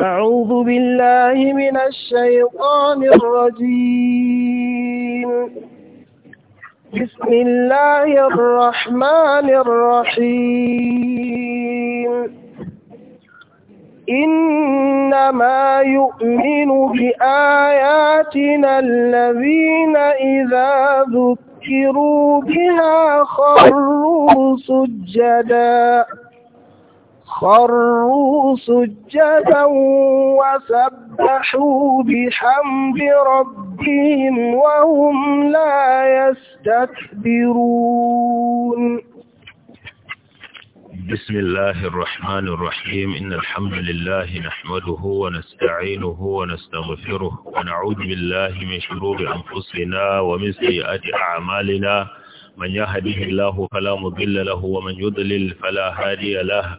أعوذ بالله من الشيطان الرجيم بسم الله الرحمن الرحيم إنما يؤمن بآياتنا الذين إذا ذكروا بها خروا سجداً خروا سجدا وسبحوا بحمد ربهم وهم لا يستكبرون بسم الله الرحمن الرحيم إن الحمد لله نحمده ونستعينه ونستغفره ونعوذ بالله من شرور أنفسنا ومن سيئات أعمالنا من يهده الله فلا مضل له ومن يضلل فلا هادي له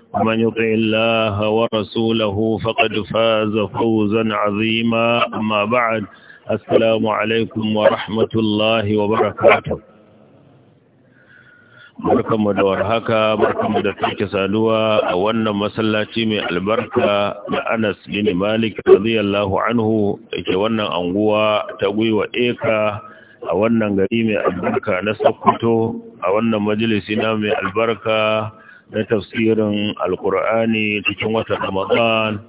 ومن يطع الله ورسوله فقد فاز فوزا عظيما أما بعد السلام عليكم ورحمة الله وبركاته barkanmu da warhaka barkanmu da sake saduwa a wannan masallaci mai albarka na Anas bin Malik radiyallahu anhu yake wannan anguwa ta gwiwa eka a wannan gari mai albarka na Sokoto a wannan majalisi na mai albarka na tafsirin alkur'ani cikin watan ramadan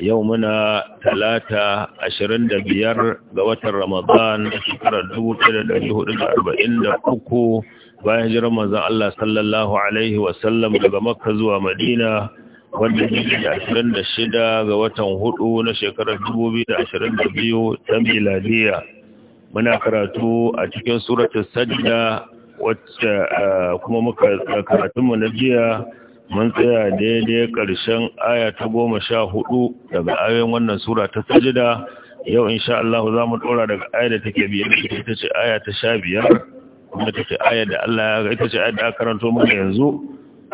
yau muna talata ashirin da biyar ga watan ramadan shekarar dubu ɗaya da ɗari hudu da arba'in da uku bayan jiran manzon Allah sallallahu alaihi wasallam daga makka zuwa madina wanda da ashirin da shida ga watan hudu na shekarar dubu biyu da ashirin da biyu ta miladiya muna karatu a cikin suratun sajda wacce eh, kuma muka karatunmu na jiya mun tsaya daidai ƙarshen aya ta goma sha hudu daga ayoyin wannan sura ta sajida yau insha Allah za mu ɗora daga aya da take biyar ita ce aya ta sha biyar kuma ce aya da Allah ya ita ce aya da karanto mana yanzu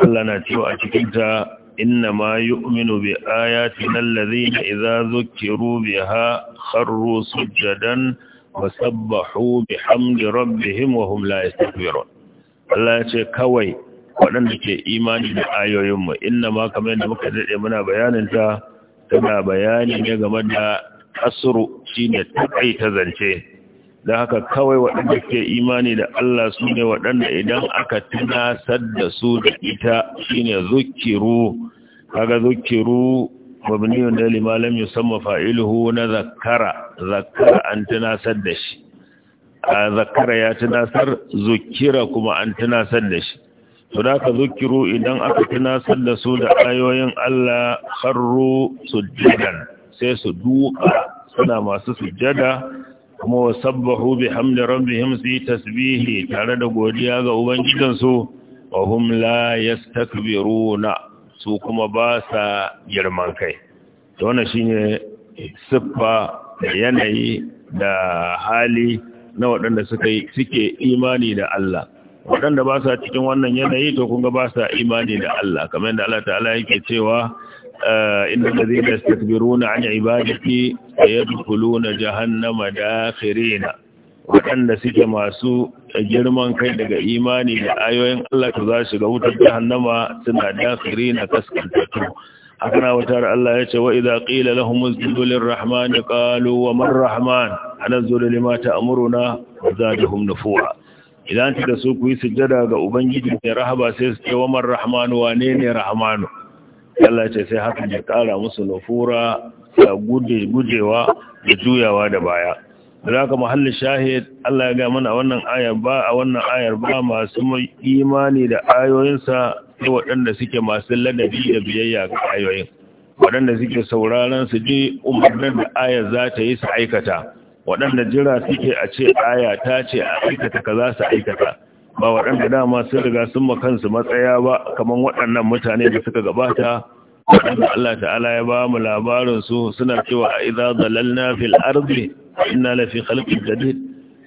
Allah na cewa a cikin ta inna ma yu'minu bi ayatina allazina idza zukkiru biha kharru sujadan wasabbahu bihamdi rabbihim wa hum la yastakbirun Allah ya ce kawai waɗanda ke imani da ayoyinmu inna ma kamar yadda muka daɗe muna bayanin ta tana bayani ne game da kasru shine ta zance da haka kawai waɗanda ke imani da Allah su ne waɗanda idan aka tunasar da su da ita shine zukiru kaga zukiru mabniyun da lima lam yusamma fa'iluhu na zakara zakara an tunasar da shi a zakara ya tunasar zukira kuma an da shi to da ka zukiru idan aka tunasar da su da ayoyin Allah kharru sujjadan sai su duka suna masu sujjada kuma wasabbahu bihamdi rabbihim su tasbihi tare da godiya ga ubangijinsu wa hum la yastakbiruna su kuma ba sa girman kai ta wannan shine siffa da yanayi da hali na waɗanda suka yi suke imani da Allah waɗanda ba sa cikin wannan yanayi to kun ga ba sa imani da Allah kamar da Allah ta'ala yake cewa inda da zai yastakbiruna an ibadati sayadkhuluna jahannama dakhirina waɗanda suke masu da girman kai daga imani da ayoyin Allah ta za ga wutar jahannama suna dakiri na kaskantattu haka na wutar Allah ya ce wa idza qila lahum usjudu lirrahman qalu wa man rahman anazzalu lima ta'muruna zadahum fuwa. idan ta su ku yi sujjada ga ubangiji mai rahaba sai su ce wa man rahman wane ne rahmanu Allah ya ce sai haka ya kara musu nufura da gudewa da juyawa da baya Zaka mahallin shahid Allah ya ga mana wannan ayar ba a wannan ayar ba masu imani da ayoyinsa sai waɗanda suke masu ladabi da biyayya ga ayoyin waɗanda suke sauraron su ji umarnin da ayar za ta yi su aikata waɗanda jira suke a ce aya ta ce a aikata ka za su aikata ba waɗanda dama sun riga sun ma kansu matsaya ba kamar waɗannan mutane da suka gabata waɗanda Allah ta'ala ya ba mu labarin su suna cewa a idza dalalna fil ardi inna la fi khalqin jadid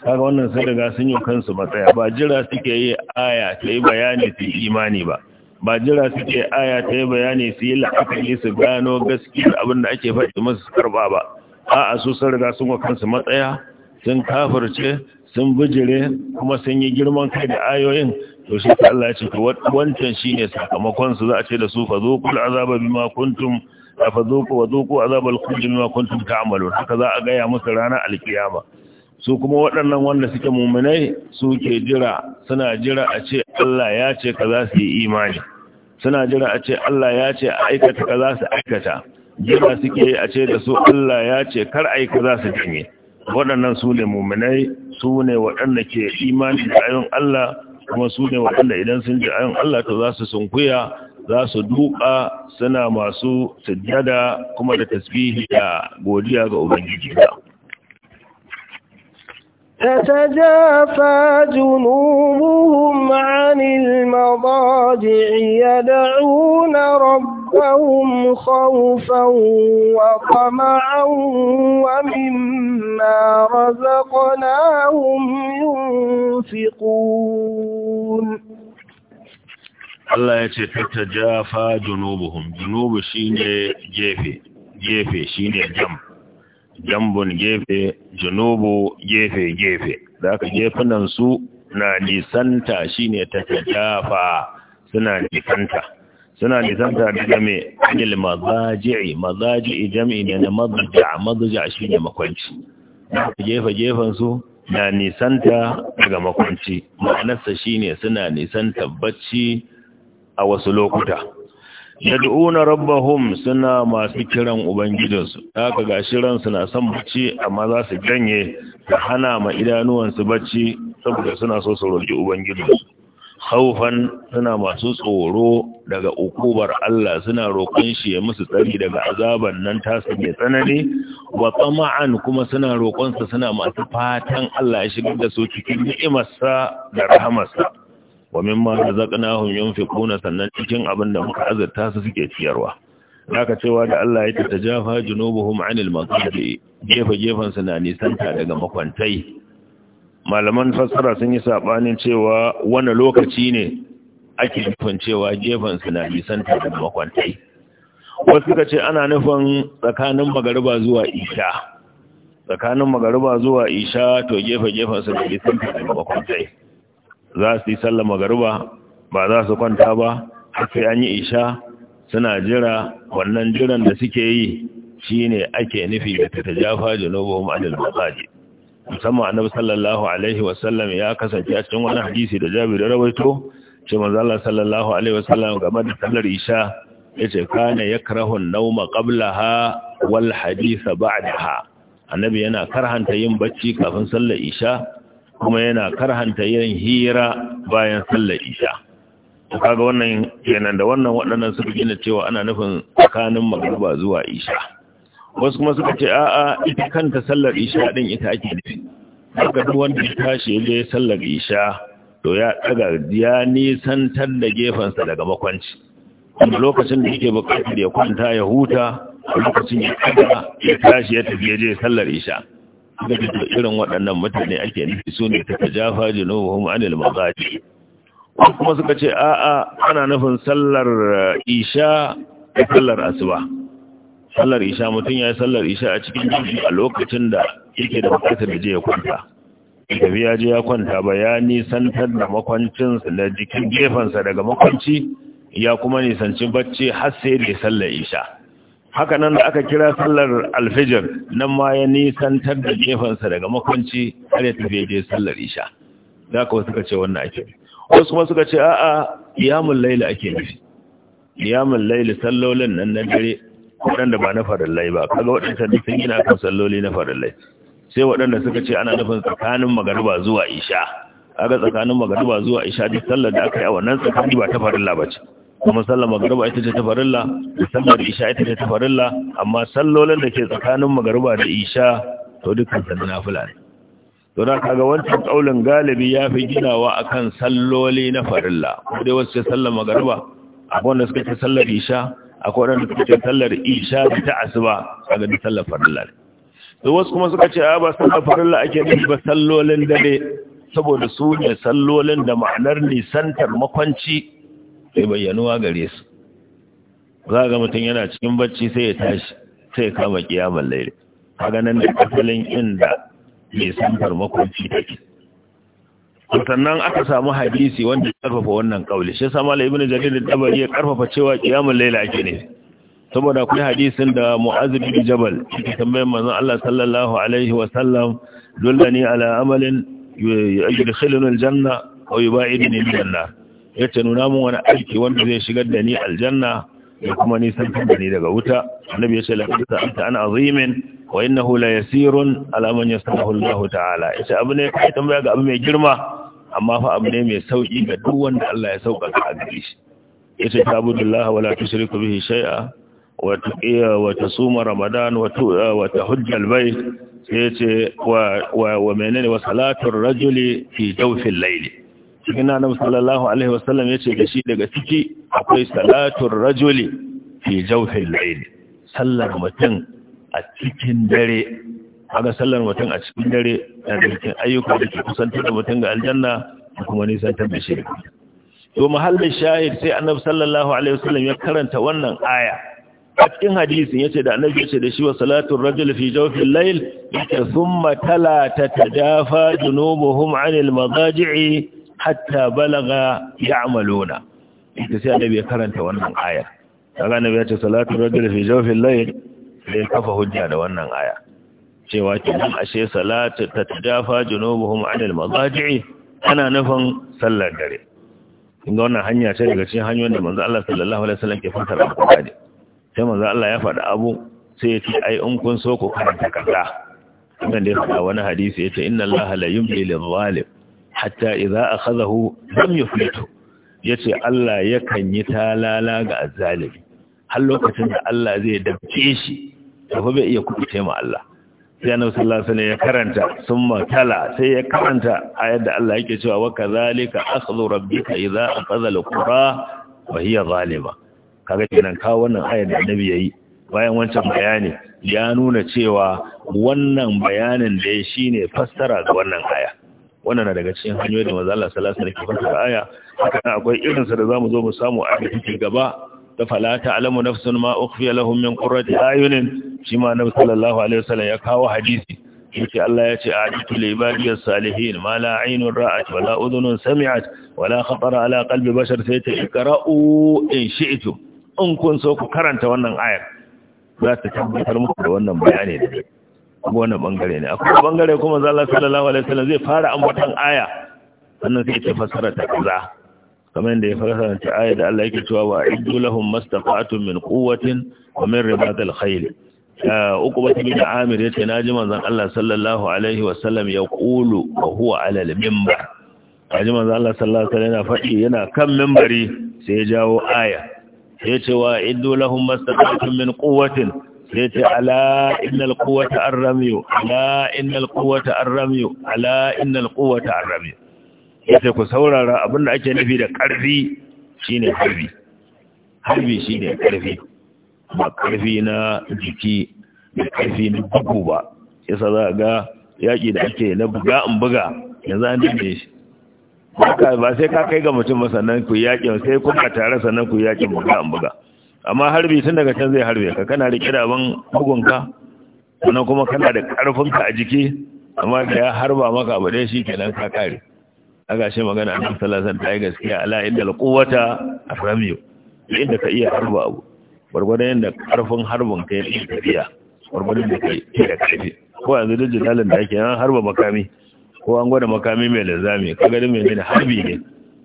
kaga wannan sai daga sun yi kansu matsaya ba jira suke yi aya ta yi bayani su imani ba ba jira suke aya ta yi bayani su yi la'akari su gano gaskiyar abin da ake faɗi musu karba ba A su sun riga sun kansu matsaya sun kafirce sun bijire kuma sun yi girman kai da ayoyin to shi ta Allah ce wancan ne sakamakon su za a ce da su fa zuqul azaba bima kuntum fa zuqu wa zuqu azabal khuld bima kuntum ta'malun haka za a ga ya musu rana alkiyama su kuma waɗannan wanda suke muminai suke jira suna jira a ce Allah ya ce kaza su yi imani suna jira a ce Allah ya ce a aikata kaza su aikata jira suke a ce da su Allah ya ce kar a yi kaza su janye waɗannan su ne muminai su ne waɗanda ke imani da ayon Allah kuma su ne waɗanda idan sun ji ayin Allah ta za su sunkuya za su duka suna masu sujjada kuma da tasbihi da godiya ga Ubangiji. تتجافى جنوبهم عن المضاجع يدعون ربهم خوفا وطمعا ومما رزقناهم ينفقون Allah ya ce tattajafa junubuhum junubu shine gefe gefe shine jam jambun gefe junubu gefe gefe da aka gefunan su na nisanta shine ta tajafa suna nisanta suna nisanta daga mai anil mazaji'i mazaji'i jam'i ne na mazja shi shine makwanci gefe gefen su na nisanta daga makwanci ma'anarsa shine suna nisanta bacci a wasu lokuta yad'una rabbahum suna masu kiran ubangijinsu haka gashi ransu na son bacci amma za su janye da hana ma su bacci saboda suna so su roki ubangijinsu haufan suna masu tsoro daga ukubar Allah suna roƙon shi ya musu tsari daga azaban nan tasa mai tsanani wa kuma suna roƙonsa suna masu fatan Allah ya shigar da su cikin ni'imarsa da rahamarsa wa mimma razaqnahum yunfiquna sannan cikin abin da muka azurta su suke ciyarwa zaka cewa da Allah ya tatajafa junubuhum anil maqadi gefe gefen su na nisanta daga makwantai malaman fassara sun yi sabanin cewa wani lokaci ne ake nufin cewa gefen su na nisanta daga makwantai wasu suka ce ana nufin tsakanin magariba zuwa isha tsakanin magariba zuwa isha to gefe gefen su na nisanta daga makwantai za su yi sallar magariba ba za su kwanta ba har sai an yi isha suna jira wannan jiran da suke yi shine ake nufi da tatajafa junubuhum anil masajid musamman annabi sallallahu alaihi wasallam ya kasance a cikin wani hadisi da Jabir rawaito ce manzo Allah sallallahu alaihi wasallam game da sallar isha yace kana yakrahu an-nawma qablaha wal hadith ba'daha annabi yana karhanta yin bacci kafin sallar isha kuma yana karhanta yin hira bayan sallar isha kaga wannan kenan da wannan waɗannan suka gina cewa ana nufin tsakanin magruba zuwa isha wasu kuma suka ce a'a ita kanta sallar isha din ita ake nufi daga duk wanda ya tashi ya sallar isha to ya daga ya nisantar da gefensa daga makwanci Kuma lokacin da yake bukatar ya kwanta ya huta lokacin ya kada ya tashi ya tafi ya sallar isha irin waɗannan mutane ake nufi su ne ta jafa anil mazaji kuma suka ce a'a ana nufin sallar eh, isha da sallar asuba sallar isha mutum ya yi sallar isha a cikin jirgi a lokacin da yake da bukatar da je ya kwanta tafi ya je ya kwanta bayani santar nisantar da makwancinsa da jikin gefensa daga makwanci ya kuma nisanci bacci har sai da sallar isha haka nan da aka kira sallar alfijir nan ma ya nisantar da jefansa daga makwanci har ya tafiye da sallar isha da ka suka ce wannan ake wasu kuma suka ce a'a qiyamul laila ake nufi qiyamul laila sallolin nan na dare waɗanda ba na farallai ba kaga waɗanda sun gina kan salloli na farallai sai waɗanda suka ce ana nufin tsakanin magariba zuwa isha kaga tsakanin magariba zuwa isha duk sallar da aka yi a wannan tsakani ba ta farilla ba ce kuma sallar magariba ita ce ta farilla sallar isha ita ce ta farilla amma sallolin da ke tsakanin magariba da isha to dukkan sallar fula ne to na kaga wancan kaulin galibi ya fi ginawa akan salloli na farilla ko dai wasu ce sallar magariba akwai wanda suka ce sallar isha akwai wanda suka ce sallar isha da ta asuba a gani sallar farilla ne to wasu kuma suka ce a ba sallar farilla ake nufi ba sallolin dare saboda su ne sallolin da ma'anar nisantar makwanci sai bayyanuwa gare su za ga mutum yana cikin bacci sai ya tashi sai ya kama kiyamar laili kaga nan da kasalin inda mai santar makonci take sannan aka samu hadisi wanda ya karfafa wannan kauli shi sama la ibnu jarir da tabari ya karfafa cewa kiyamar layl ake ne saboda akwai hadisin da mu'az bin jabal yake tambayar manzon Allah sallallahu alaihi wa sallam dullani ala amalin yudkhiluni al-janna aw yub'iduni min an-nar ya ce nuna mun wani aiki wanda zai shigar da ni aljanna da kuma nisan da ni daga wuta annabi ya ce ta sa'alta an azimin wa innahu la yasirun ala man yasalahu Allah ta'ala ya ce abu ne kai tambaya ga abu mai girma amma fa abu ne mai sauki ga duk wanda Allah ya sauka ga gare shi ya ce ta wa la tushriku bihi shay'a wa tuqiya wa tasuma ramadan wa wa tahujja albayt sai ce wa wa menene wa salatul rajuli fi jawfi al-layli nan sallallahu alaihi wasallam ya ce da shi daga ciki akwai salatun rajuli fi laili sallar mutum a cikin dare haka sallar mutum a cikin dare da cikin ayyuka da ke kusantar da mutum ga aljanna da kuma nisan da shi to mahallin shahid sai annabi sallallahu alaihi wasallam ya karanta wannan aya a cikin hadisin yace da annabi yace da shi wa salatul rajul fi jawfil layl yace thumma tala tatadafa junubuhum anil madaji'i hatta balaga ya'maluna ita sai annabi ya karanta wannan ayar kaga annabi ya ce salatu rajul fi jawfil layl sai kafa hujja da wannan aya cewa kidan ashe salatu tatadafa junubuhum 'anil madaji'i ana nufin sallar dare inga wannan hanya ce daga cikin hanyoyin da manzo Allah sallallahu alaihi wasallam ke fassara alqur'ani sai manzo Allah ya faɗi abu sai ya ce ai in kun so ku karanta kaza wannan dai ya faɗa wani hadisi yace inna Allah la yumli lil zalim hatta idza akhadahu lam yuflitu yace Allah yakan yi talala ga azzalimi har lokacin da Allah zai dabce shi fa bai iya kuɗi ma Allah sai annabi sallallahu alaihi ya karanta summa tala sai ya karanta ayar da Allah yake cewa wa kadhalika akhadhu rabbika idza akhadha alqura wa hiya zalima kaga kenan ka wannan ayar da annabi yayi bayan wancan bayani ya nuna cewa wannan bayanin da shine fassara ga wannan aya wannan na daga cikin hanyoyin da manzo Allah sallallahu ke aya haka akwai irin sa da zamu zo mu samu a cikin gaba ta falata alamu nafsun ma ukhfiya lahum min qurrati ayunin shi ma nabi sallallahu alaihi wasallam ya kawo hadisi yake Allah ya ce a'titu li ibadiyas salihin ma la aynun ra'at wa la udhunun sami'at wa la khatara ala qalbi bashar sai ta ikra'u in shi'tu in kun so ku karanta wannan ayar za ta tabbatar muku da wannan bayani da wani bangare ne akwai bangare kuma zalla sallallahu alaihi wasallam zai fara ambaton aya sannan sai ya fasara ta kaza kamar yadda ya fasara ta aya da Allah yake cewa wa iddu lahum mastaqatun min quwwatin wa min ribatil khayl uqbat bin amir yace naji manzon Allah sallallahu alaihi wasallam ya qulu wa huwa ala al-minbar naji manzon Allah sallallahu alaihi wasallam yana fadi yana kan minbari sai ya jawo aya yace wa iddu lahum mastaqatun min quwwatin sai ce ala innal quwwata ar-ramyu ala innal quwwata ar-ramyu ala innal quwwata ar-ramyu sai ku saurara abinda ake nufi da karfi shine harbi harbi shine karfi ba karfi na jiki da karfi na bugu ba yasa za ga yaki da ake na buga in buga yanzu an dinne shi ba sai ka kai ga mutum sannan ku yaƙin sai kuma tare sannan ku yaƙin buga in buga amma harbi tun daga can zai harbe ka kana da kiraban bugunka sannan kuma kana da karfinka a jiki amma da ya harba maka abu ɗaya shi kenan ka kare a shi magana annabi sallallahu alaihi wasallam yi gaskiya ala inda alquwata arramiyu inda ka iya harba abu gwargwadon yadda karfin harbin ka yi tafiya gwargwadon da kai ke da kai ko yanzu duk jidalin da ake an harba makami ko an gwada makami mai lazami ka gani mai ne harbi ne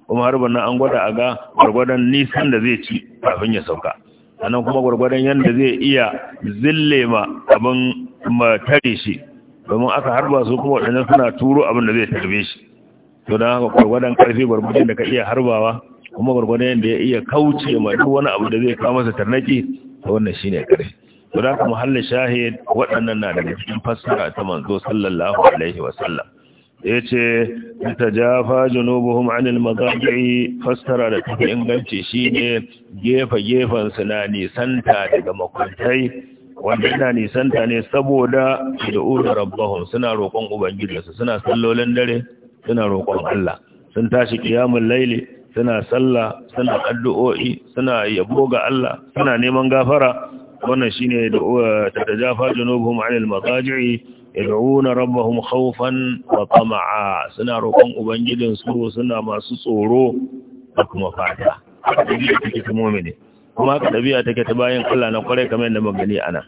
kuma harbin nan an gwada a ga gwargwadon nisan da zai ci kafin ya sauka sannan kuma gwargwadon yadda zai iya zille ma abin matare shi domin aka harba su kuma waɗannan suna turo abin da zai tarbe shi to don haka gwargwadon ƙarfi gwargwadon da ka iya harbawa kuma gwargwadon yadda ya iya kauce ma duk wani abu da zai kawo masa tarnaki to wannan shi ne ƙarfi to da haka muhallin shahid waɗannan na daga cikin fassara ta manzo sallallahu alaihi wa sallam yace jafa junubuhum anil maqabi fassara da take inganci shine gefa gefan su na nisanta daga makuntai. wanda yana nisanta ne saboda da ura rabbahum suna roƙon ubangijinsu suna sallolin dare suna roƙon Allah sun tashi kiyamul laili suna sallah suna addu'o'i suna yabo ga Allah suna neman gafara wannan shine da tajafa junubuhum anil maqabi yad'una rabbahum khawfan wa tama'a suna roƙon ubangijin su suna masu tsoro da kuma fata haka dabi'a take ta kuma haka dabi'a take ta bayan Allah na kwarai kamar yadda magani ana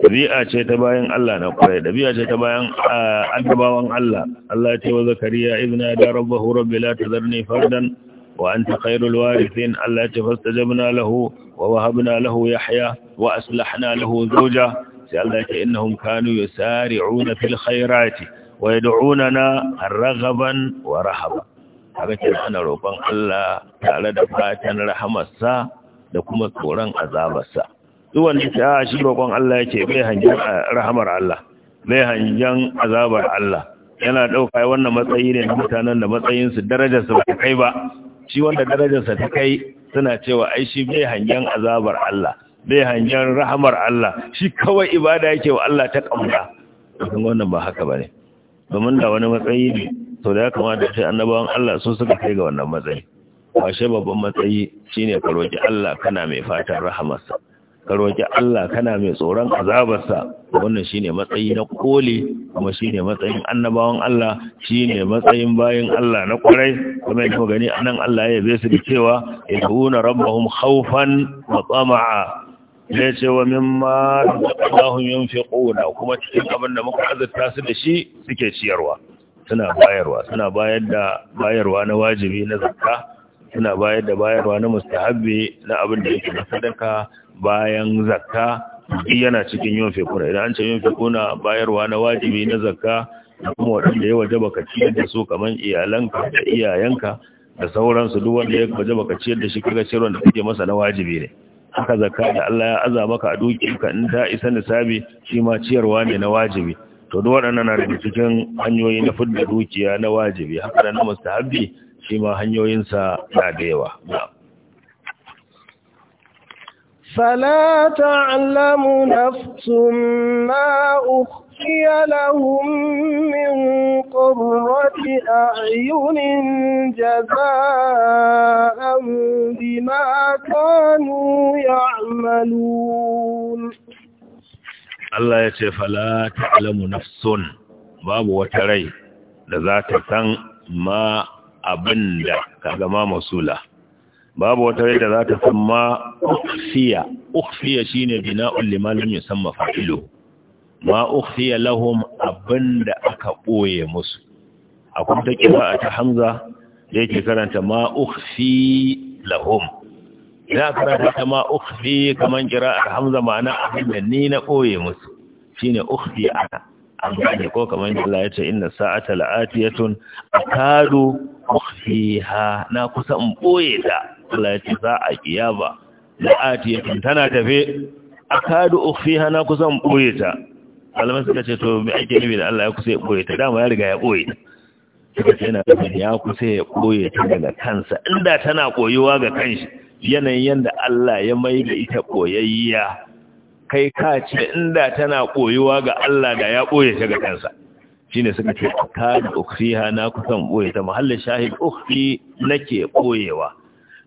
dabi'a ce ta bayan Allah na kwarai dabi'a ce ta bayan ah, annabawan Allah Allah ya ce wa zakariya idna da rabbahu rabbi la tadharni fardan wa anta khairul warithin Allah ya ce fastajabna lahu wa wahabna lahu yahya wa aslahna lahu zawjahu sai Allah ce innahum kanu yusari'una fil khairati na yad'unana raghaban wa rahaba kaga ce ana roƙon Allah tare da fatan rahamarsa da kuma tsoron azabarsa duk wanda ta ah, shi roƙon Allah ce bai hangen ah, rahamar Allah bai hangen azabar Allah yana ɗauka wannan matsayi ne na mutanen da matsayinsu darajarsa ba ta kai ba shi wanda darajarsa ta kai suna cewa ai shi bai hangen azabar Allah bai hangen rahamar Allah shi kawai ibada yake wa Allah ta kamra wannan ba haka bane domin da wani matsayi ne to da ya kamata sai annabawan Allah sun suka kai ga wannan matsayi washe babban matsayi shine ka roki Allah kana mai fatan rahamarsa ka roki Allah kana mai tsoron azabarsa wannan shine matsayi na koli kuma shine matsayin annabawan Allah shine matsayin bayin Allah na kwarai kuma yadda gani anan Allah ya yabe su da cewa yad'una rabbahum khawfan wa tama'a ya ce wa mimma razaqnahum yunfiquna kuma cikin abin da muka azurta su da shi suke ciyarwa suna bayarwa suna bayar da bayarwa na wajibi na zakka suna bayar da bayarwa na mustahabbi na abin da yake na sadaka bayan zakka yana cikin yunfiquna idan an ce yunfiquna bayarwa na wajibi na zakka da kuma waɗanda ya waje baka ciyar da su kamar iyalanka da iyayenka da sauransu duk wanda ya waje baka ciyar da shi kaga ciyarwa da kake masa na wajibi ne haka zakka da Allah ya aza maka a dukiyarka in ta isa nisabi shi ma ciyarwa ne na wajibi to duk waɗannan na da cikin hanyoyi na fidda dukiya na wajibi haka da na mustahabi shi ma hanyoyinsa na da yawa فلا تعلم نفس ما أُلْقِيَ لَهُم مِّن قُرَّةِ أَعْيُنٍ جَزَاءً بِمَا كَانُوا يَعْمَلُونَ Allah ya ce fala ta'lamu nafsun babu wata rai da za ta san ma abinda kaga ma masula babu wata rai da za ta san ma shine bina'ul ya san ma fa'iluhu ma ukhfiya lahum abinda aka boye musu akwai ta kifa ta hamza da yake karanta ma ukhfi lahum ina karanta ta ma ukhfi kaman qira'ar hamza ma'ana abinda ni na boye musu shine ukhfi ana an gane ko kamar yadda Allah ya ce inna sa'ata la'atiyatun akadu ukhfiha na kusa in boye ta Allah ya ce za a kiyaba la'atiyatun tana tafe akadu ukhfiha na kusa in boye ta malamai suka ce to mai ake nufi da Allah ya kusa ya ɓoye ta dama ya riga ya ɓoye suka ce yana da ya kusa ya ɓoye ta daga kansa inda tana koyuwa ga kanshi yanayin yadda Allah ya mai da ita ɓoyayya kai ka ce inda tana koyuwa ga Allah da ya ɓoye ta ga kansa ne suka ce ta da ukriha na kusan ɓoye ta mahallin shahid ukri nake ɓoyewa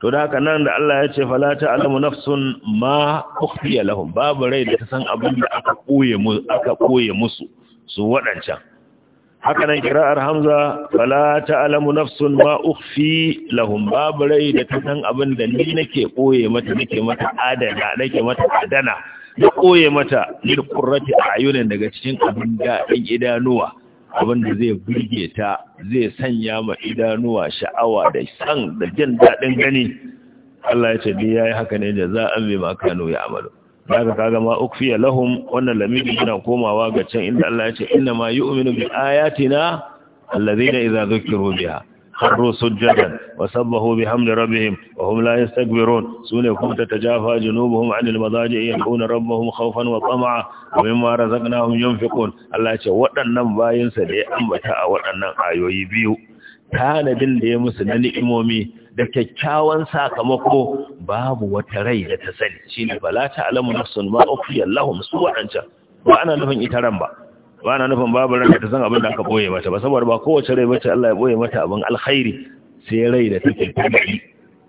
to da haka nan da Allah ya ce fala ta'lamu nafsun ma ukhfiya lahum babu rai da ta san abin da aka koye mu aka koye musu su wadancan haka nan kira'ar hamza fala ta'lamu nafsun ma ukhfi lahum babu rai da ta san abin da ni nake koye mata nake mata adana nake mata adana da koye mata lil qurrati ayunin daga cikin abin da idanuwa abin da zai burge ta zai sanya ma idanuwa sha'awa da san da jin daɗin gani Allah ya ce dai yayi haka ne da za a bi maka ya amalu daga kaga ma ukfiya lahum wannan lamidi yana komawa ga can inda Allah ya ce inna ma yu'minu bi ayatina allazina idza dhukiru biha kharru sujjadan wa sabbahu bihamdi rabbihim wa hum la yastakbirun sune kuma tatajafa junubuhum anil madaji yaquna rabbuhum khawfan wa tama'a wa mimma razaqnahum yunfiqun Allah ya ce waɗannan bayinsa da ya ambata a waɗannan ayoyi biyu tanadin da ya musu na ni'imomi da kyakkyawan sakamako babu wata rai da ta sani shine bala ta alamu nafsun ma ukhfiya lahum su wadancan ba ana nufin ita ran ba ba na nufin babu ran ta san abin da aka boye mata ba saboda ba kowace rai bace Allah ya boye mata abin alkhairi sai rai da take tabi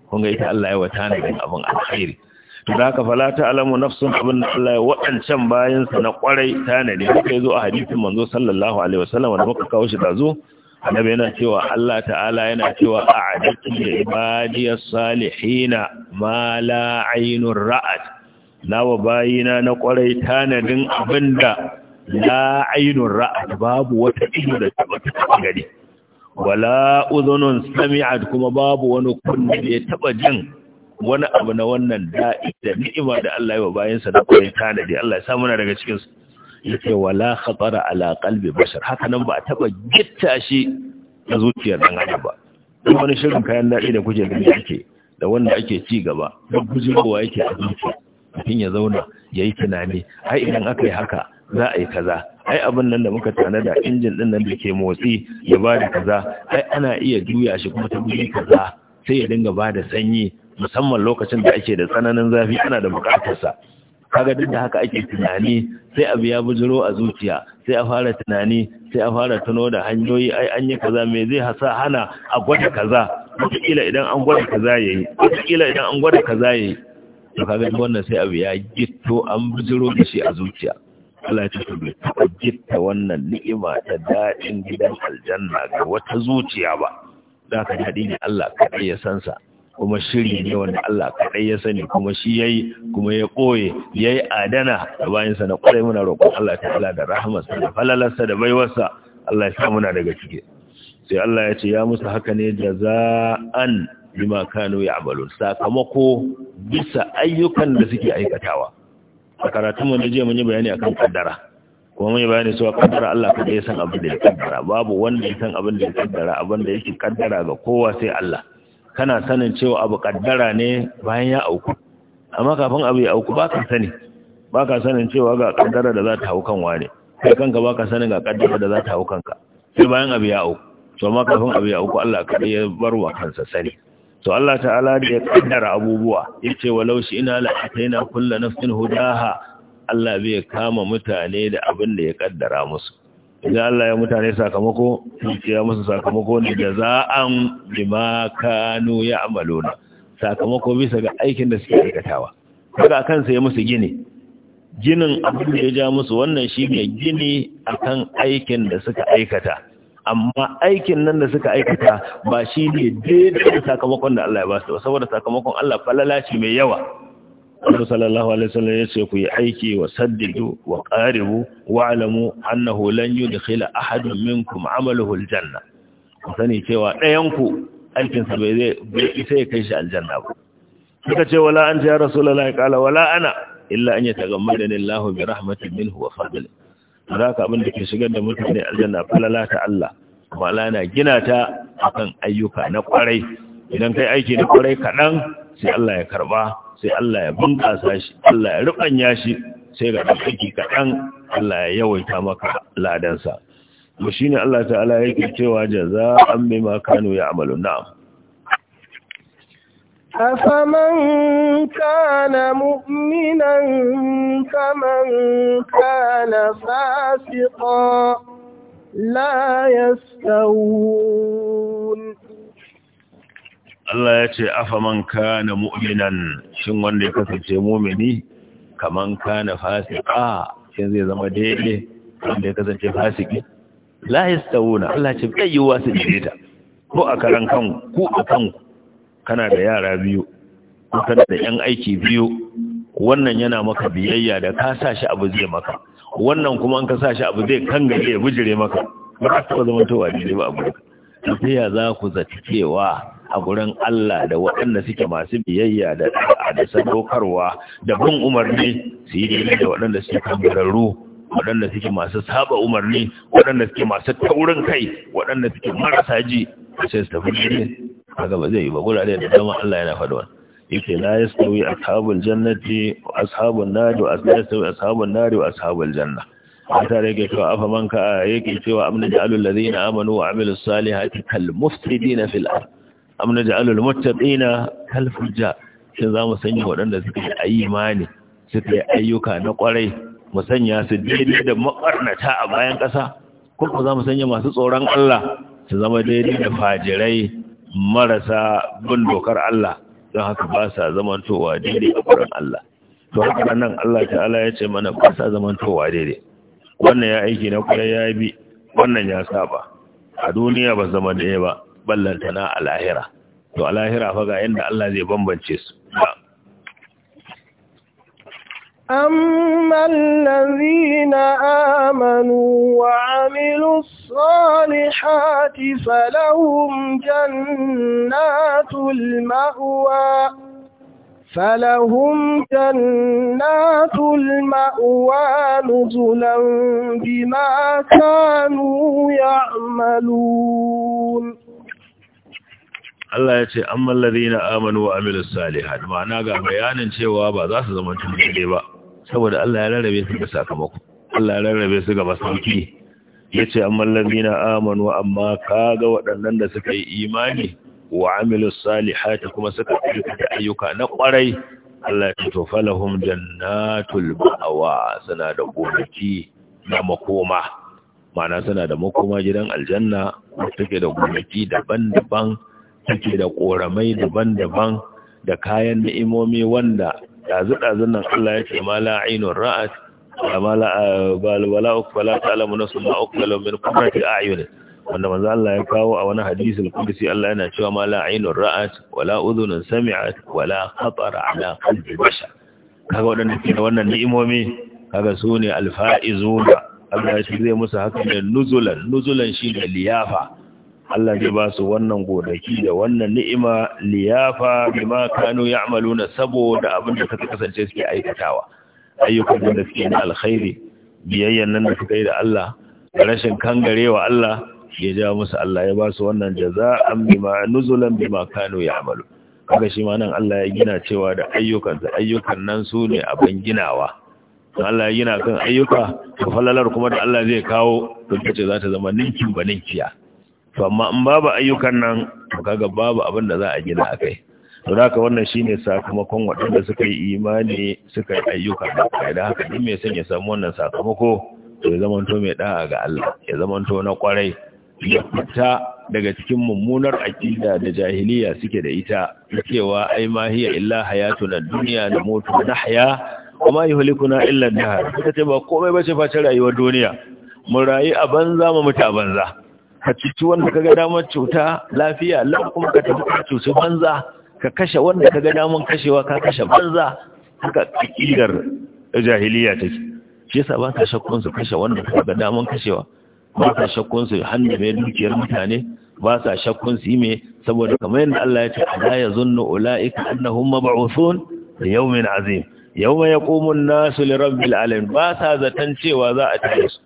kun ga ita Allah ya wata ne da abin alkhairi to da haka fala ta'lamu nafsun abin da Allah ya wadancan bayan sa na kwarai tanade haka zo a hadisin manzo sallallahu alaihi wasallam da muka kawo shi da zo annabi yana cewa Allah ta'ala yana cewa a'adatu ibadi ibadiyas salihina ma la aynur ra'at nawa bayina na kwarai tanadin abinda la ainun ra'at babu wata ido da taba gani wala udhunun sami'at kuma babu wani kunne da ya taba jin wani abu na wannan da'i da ni'ima da Allah ya wa bayansa na kwaye da Allah ya sa muna daga cikin su yace wala khatara ala qalbi bashar haka nan ba taba gitta shi a zuciyar dan adam ba duk wani shirin kayan dadi da kuke gani yake da wanda ake ci gaba duk gujewa yake a zuciya mutum ya zauna yayi tunani ai idan aka yi haka za a yi kaza ai abin nan da muka da injin din nan da ke motsi ya ba da kaza ai ana iya juya shi kuma ta guri kaza sai ya dinga ba da sanyi musamman lokacin da ake da tsananin zafi ana da bukatarsa kaga duk da haka ake tunani sai abu ya bujiro a zuciya sai a fara tunani sai a fara tuno da hanyoyi ai an yi kaza me zai hasa hana a gwada kaza wataƙila idan an gwada kaza yayi wataƙila idan an gwada kaza yayi to kaga wannan sai abu ya gitto an bujiro da shi a zuciya Allah ya ce bai taɓa gitta wannan ni'ima ta daɗin gidan aljanna ga wata zuciya ba za ka daɗi ne Allah kaɗai ya sansa kuma shiri ne wanda Allah kaɗai ya sani kuma shi ya yi kuma ya ɓoye ya yi adana da sa na ƙwarai muna roƙon Allah ta'ala da rahamarsa da falalarsa da baiwarsa Allah ya sa muna daga ciki sai Allah ya ce ya musu haka ne da za yi bima kanu ya'malun sakamako bisa ayyukan da suke aikatawa a karatun wanda jiya mun yi bayani akan kaddara kuma mun yi bayani cewa kaddara Allah kada ya san abin da ya kaddara babu wanda ya san abin da ya kaddara abin da yake kaddara ga kowa sai Allah kana sanin cewa abu kaddara ne bayan ya auku amma kafin abu ya auku ba ka sani ba ka sanin cewa ga kaddara da za ta hau kan wane kai kanka ba ka sanin ga kaddara da za ta hau kanka sai bayan abu ya auku to amma kafin abu ya auku Allah kada ya barwa kansa sani to Allah ta'ala da ya kaddara abubuwa yace walau shi ina la ataina kullu nafsin hudaha Allah bai kama mutane da abin da ya kaddara musu idan Allah ya mutane sakamako ya musu sakamako ne jaza'an bima kanu ya'maluna sakamako bisa ga aikin da suke aikatawa kaga kansa ya musu gini ginin abin da ya ja musu wannan shi ne gini akan aikin da suka aikata amma aikin nan da suka aikata ba shi ne daidai sakamakon da Allah ya ba su saboda sakamakon Allah falala mai yawa Allah sallallahu alaihi wasallam ya ce ku yi aiki wa saddidu wa qaribu wa alamu annahu lan yudkhila ahadun minkum amaluhu aljanna sani cewa ɗayan ku aikin sa bai zai bai sai kai shi aljanna ba suka ce wala anta ya rasulullahi qala wala ana illa an yatagammada Allahu bi rahmatin minhu wa fadlihi za abin da ke shigar da mutane aljanna falala ta Allah kuma Allah yana gina ta akan ayyuka na kwarai idan kai aiki na kwarai kaɗan sai Allah ya karba sai Allah ya bunƙasa shi Allah ya rubanya shi sai ga aiki kaɗan Allah ya yawaita maka ladansa shi shine Allah ta'ala yake cewa jaza'an bima kanu ya'malu na'am أفمن كان مؤمنا كمن كان فاسقا لا يستوون Allah ya ce afa ka na mu'minan shin wanda ya kasance mumini kaman kana fasika shin zai zama daidai wanda ya kasance fasiki la wuna. Allah ce kai yiwa su jirita, ko a karan kanku ko a kanku kana da yara biyu ko kana da yan aiki biyu wannan yana maka biyayya da ka sa shi abu zai maka wannan kuma an ka sa shi abu zai kangare ya bujire maka ba ka taba zama towa ne ba abu sai ya za ku zaci cewa a gurin Allah da waɗanda suke masu biyayya da da sadaukarwa da bin umarni su yi daidai da waɗanda suke kangararru waɗanda suke masu saba umarni waɗanda suke masu taurin kai waɗanda suke marasa ji sai su tafi daidai haka ba zai yi ba gurare da dama Allah yana faɗa wannan yake la yastawi ashabul jannati wa ashabun nari wa a ashabun nari wa ashabul janna A tare yake cewa afa man ka yake cewa amna ja'alul ladina amanu wa amilus salihati kal mufsidina fil ard amna ja'alul muttaqina kal fujja za mu sanya waɗanda suka yi imani suka yi ayyuka na kwarai mu sanya su daidai da makarnata a bayan ƙasa ko ko mu sanya masu tsoron Allah su zama daidai da fajirai marasa bin dokar Allah don haka ba sa zamantowa daidai a gurin Allah to haka nan Allah ta'ala ya ce mana ba sa zamantowa daidai wannan ya aiki na kwarai ya bi wannan ya saba a duniya ba zama daya ba ballanta na al'ahira. to al'ahira lahira fa ga inda Allah zai bambance su أما الذين آمنوا وعملوا الصالحات فلهم جنات المأوى فلهم جنات المأوى نزلا بما كانوا يعملون Allah ya ce, "Amman na amanu wa amilu salihan, na ga bayanin cewa ba za su zama cikin ba, saboda Allah ya rarrabe su ga sakamako Allah ya rarrabe su ga masauki yace amma ladina amanu amma kaga waɗannan da suka yi imani wa amilus salihati kuma suka yi ayyuka na kwarai? Allah ya to falahum jannatul ba'wa suna da gonaki na makoma mana suna da makoma gidan aljanna take da gonaki daban-daban take da koramai daban-daban da kayan ni'imomi wanda ɗazu-ɗazun nan Allah ya ce ma la'ainun ra'at ma la'ala eh, ukfala ta'alamu na sun ma'ukfala min kwamfati a ayyunin wanda manzo Allah ya kawo a wani hadisi al-Qudsi Allah yana cewa ma la'ainun ra'as, wala uzunin sami'at wala khatara ala qalbi bashar kaga wadanda ke da wannan ni'imomi kaga su ne alfa'izuna Allah ya ce zai musu haka ne nuzulan nuzulan shi ne liyafa Allah ya ba su wannan godaki da wannan ni'ima liyafa bima kanu ya'maluna saboda abin da suka kasance suke aikatawa ayyukan da suke na alkhairi biyayyan nan da suka yi da Allah rashin kangarewa Allah ya ja musu Allah ya ba su wannan jaza'an bima nuzulan bima kanu ya'malu kaga shi ma nan Allah ya gina cewa da ayyukan da ayyukan nan su ne abin ginawa Allah ya gina kan ayyuka falalar kuma da Allah zai kawo to kace za ta zama ninkin ba to amma in babu ayyukan nan to kaga babu abin da za a gina akai to haka wannan shine sakamakon waɗanda suka yi imani suka yi ayyuka da kai da haka din me son ya samu wannan sakamako to ya zamanto mai da'a ga Allah ya zamanto na kwarai ya daga cikin mummunar aqida da jahiliya suke da ita cewa ai ma hiya illa hayatuna dunya da mutu na haya kuma yuhlikuna illa dahar ita ce ba komai bace face rayuwar duniya mun rayu a banza mu mutu a banza ka cuci wanda ka ga damar cuta lafiya lau kuma ka tafi ka cuci banza ka kashe wanda ka ga damar kashewa ka kashe banza haka akidar jahiliya take shi yasa ba ta shakkun su kashe wanda ka ga damar kashewa ba ta shakkun su hannu mai dukiyar mutane ba sa shakkun su yi mai saboda kamar yadda Allah ya ce ala yazunnu ulaika annahum mab'uthun li yawmin azim yawma yaqumu an-nasu li rabbil alamin ba sa zaton cewa za a tare su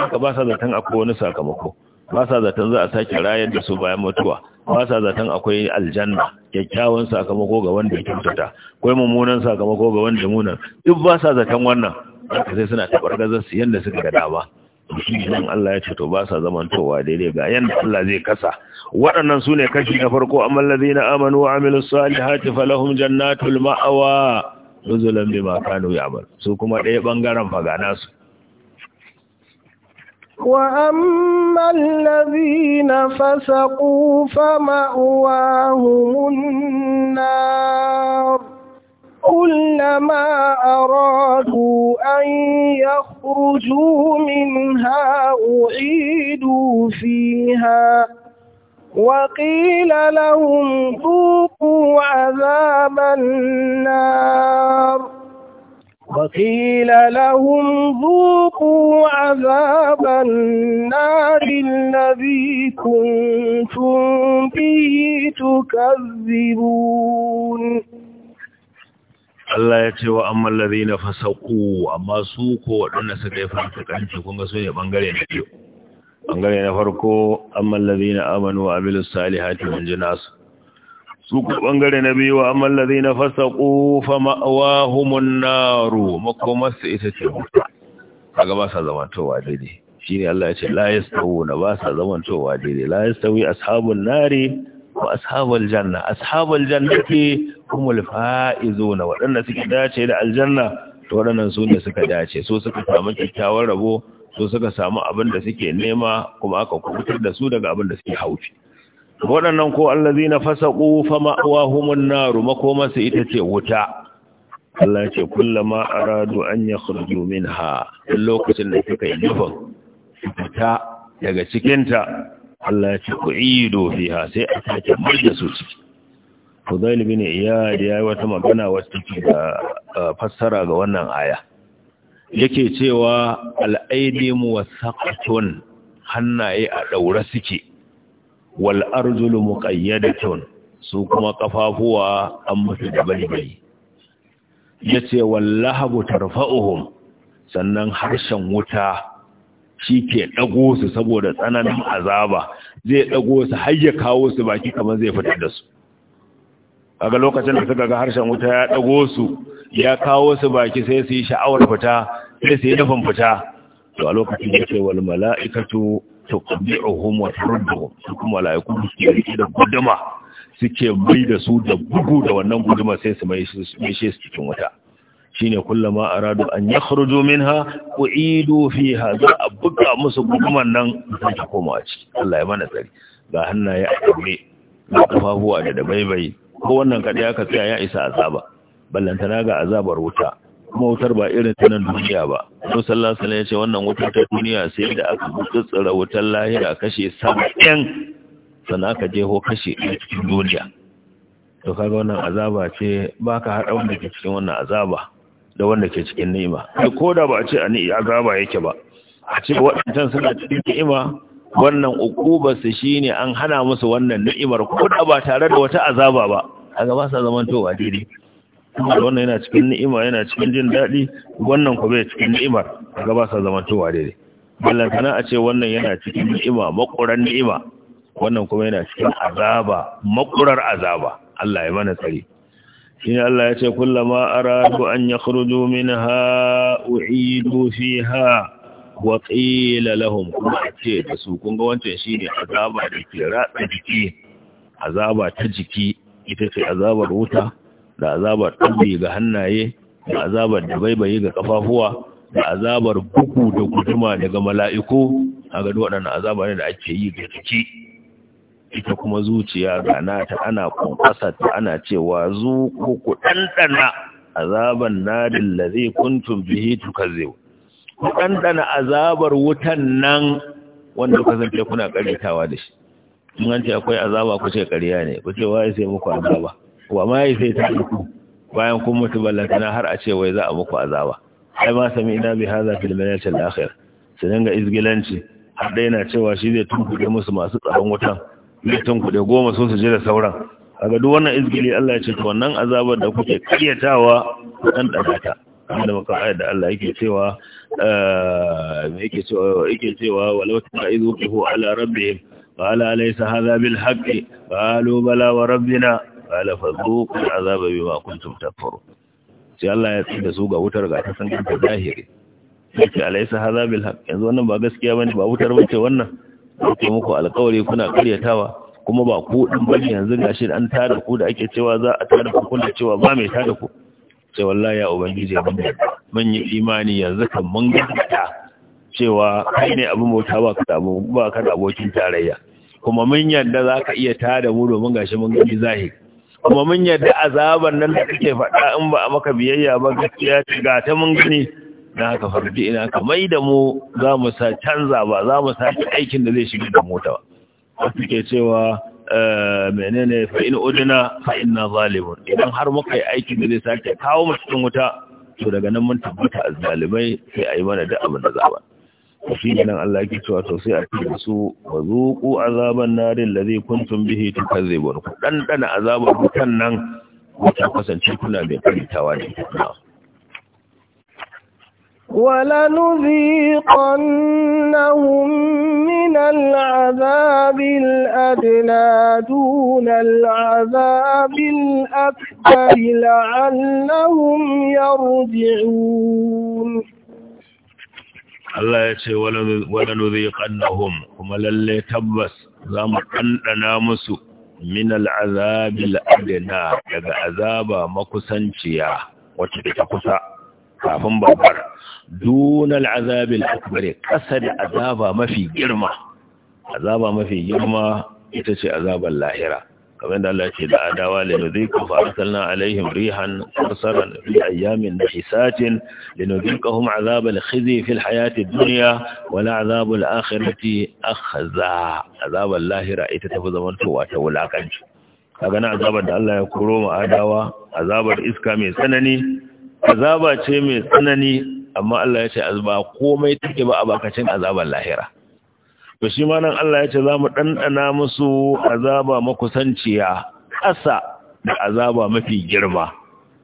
haka ba sa zaton akwai wani sakamako ba sa zaton za a sake rayar da su bayan mutuwa ba sa zaton akwai aljanna kyakkyawan sakamako ga wanda ya kyautata akwai mummunan sakamako ga wanda munan duk ba sa zaton wannan haka sai suna tabar gazar su yanda suka ga ba. shi nan Allah ya ce to ba sa zamantowa daidai ga yanda Allah zai kasa waɗannan su ne kashi na farko amma ladina amanu wa amilu salihati falahum jannatul ma'awa nuzulan bima kanu ya'mal su kuma ɗaya bangaren fagana su. وأما الذين فسقوا فمأواهم النار كلما أرادوا أن يخرجوا منها أعيدوا فيها وقيل لهم ذوقوا عذاب النار وقيل لهم ذوقوا عذاب النار الذي كنتم به تكذبون Allah ya ce wa amman ladina fasauku, amma su ko wadanda suka yi fasikanci kun ga sune bangare na biyu na farko amman ladina amanu wa amilus salihati ji nasu su ku bangare na biyu wa na fasa fasaqu fa ma'wahumun naru makomarsa ita ce wuta a gaba sa zamantowa daidai ne Allah ya ce la na ba sa zamantowa daidai la yastawi ashabun nari ko Ashabun janna Janna ke jannati humul na waɗanda suke dace da aljanna to waɗannan su ne suka dace so suka samu kyakkyawar rabo so suka samu abin da suke nema kuma aka kubutar da su daga abin da suke haufi. waɗannan ko allazi na homin na humun ko masu ita ce wuta Allah ce kullama aradu an ya kurju min ha lokacin da suka yi nufin fita daga cikinta Allah ce ku yi dofi ha sai a sake marge su ciki Fudail bin da ya yi wata magana wasu ke da uh, fassara ga wannan aya yake cewa al'aidimu haƙaton hannaye a ɗaura suke wal arjulu muqayyadatun su kuma kafafuwa an musu da balibali yace wallahu tarfa'uhum sannan harshen wuta shi ke dago su saboda tsananin azaba zai dago su har ya kawo su baki kamar zai fitar da su kaga lokacin da suka ga harshen wuta ya dago su ya kawo su baki sai su yi sha'awar fita sai su yi nufin fita to a lokacin yace wal mala'ikatu tuqbi'uhum wa turduhum su kuma laiku da guduma suke mai da su da bugu da wannan guduma sai su mai su cikin wuta shine kullama aradu an yakhruju minha u'idu fiha za a buga musu guduman nan sai ta koma ci Allah ya mana tsari ga hannaye a kabe ga kafafuwa da dabaibai ko wannan kaɗai aka tsaya ya isa azaba ballantana ga azabar wuta kuma wutar ba irin ta nan duniya ba to sallallahu alaihi ya ce wannan wutar ta duniya sai da aka tsitsira wutar lahira kashe sana ka je ho kashe cikin duniya to kaga wannan azaba ce baka hada wanda ke cikin wannan azaba da wanda ke cikin ni'ima ko da ba a ce a azaba yake ba a ce waɗancan suna cikin ni'ima wannan su shine an hana musu wannan ni'imar ko da ba tare da wata azaba ba kaga ba sa zamantowa daidai wannan yana cikin ni'ima yana cikin jin daɗi wannan ku bai cikin ni'imar ga ba sa zamantowa daidai kana a ce wannan yana cikin ni'ima makurar ni'ima wannan kuma yana cikin azaba makurar azaba Allah ya mana tsari shine Allah ya ce kullama aradu an min minha u'idu fiha wa qila lahum kuma ce da su kun ga wancan shine azaba da ke ratsa jiki azaba ta jiki ita ce azabar wuta da azabar ɗabi ga hannaye da azabar da baibaye ga kafafuwa da azabar buku da guduma daga mala'iku a ga waɗanda azaba ne da ake yi ga ciki ita kuma zuciya ga ta ana kunfasa ta ana cewa zu ku ɗanɗana azaban nadin da zai kuntun bihi tukazzewa ku ɗanɗana azabar wutan nan wanda kasance kuna ƙaritawa da shi in an akwai azaba ku ce ƙarya ne ku ce waye sai muku azaba wa ma yi sai ta ku bayan kun mutu ballantana har a ce wai za a muku azaba ai ma sami ina bi haza fil malaikal akhir su dinga izgilanci har dai na cewa shi zai tunkuɗe musu masu tsaron wutan zai tunkuɗe goma sun su je da sauran kaga duk wannan izgili Allah ya ce to wannan azabar da kuke karyatawa dan dadata da maka ayat da Allah yake cewa ah, me yake cewa yake cewa walau ta'izu ala rabbihim qala alaysa hadha bil haqqi qalu bala wa rabbina qala fadhuqu al'azaba bima kuntum takfurun sai Allah ya tsida su ga wutar ga ta san ta zahiri sai alaysa hadha bil haqq yanzu wannan ba gaskiya bane ba wutar bace wannan ko muku alƙawari kuna ƙaryatawa kuma ba ku din bane yanzu gashi an tada ku da ake cewa za a tada ku kullu cewa ba mai tada ku sai wallahi ya ubangiji mun mun yi imani yanzu kan mun gaskata cewa kai ne abin mota ba ka ba ka da abokin tarayya kuma mun yarda za ka iya tada mu domin gashi mun gani zahiri kuma mun yadda zaban nan da kake faɗa in ba a maka biyayya ba gaskiya ce ga ta mun gani na haka farji ina ka mai da mu za mu sa canza ba za mu sa aikin da zai shiga da mota ba wasu ke cewa eh, menene fa in udina fa inna zalimun idan har muka yi aikin da zai sake kawo mu cikin wuta to daga nan mun tabbata zalimai sai a yi mana da abin da zaban. shi nan Allah ke cewa to sai a ce da su wa zuqu azaban narin ladhi kuntum bihi tukazzibun ku dan dana azabar nan wata kasance kuna mai karitawa ne ولنذيقنهم من العذاب الأدنى دون العذاب الأكبر لعلهم يرجعون Allah ya ce wala nuziqannahum kuma lalle tabbas zamu ɗanɗana musu min al'azabil la'adina daga azaba makusanciya wacce ta kusa kafin babbar dun al'azabil akbar ƙasa da azaba mafi girma azaba mafi girma ita ce azabar lahira kamar da Allah ce da adawa linudhika fa arsalna alaihim rihan sarsaran fi ayyamin hisatin linudhikahum azab al-khizy fi al-hayat ad-dunya wa azab akhirati akhza azab lahira ita tafi zaman towa ta wulakanci kaga na azabar da Allah ya koro ma adawa azabar iska mai tsanani azaba ce mai tsanani amma Allah ya ce azaba komai take ba a bakacin azabar lahira to shi ma nan Allah ya ce za mu ɗanɗana musu azaba makusanciya ƙasa da azaba mafi girma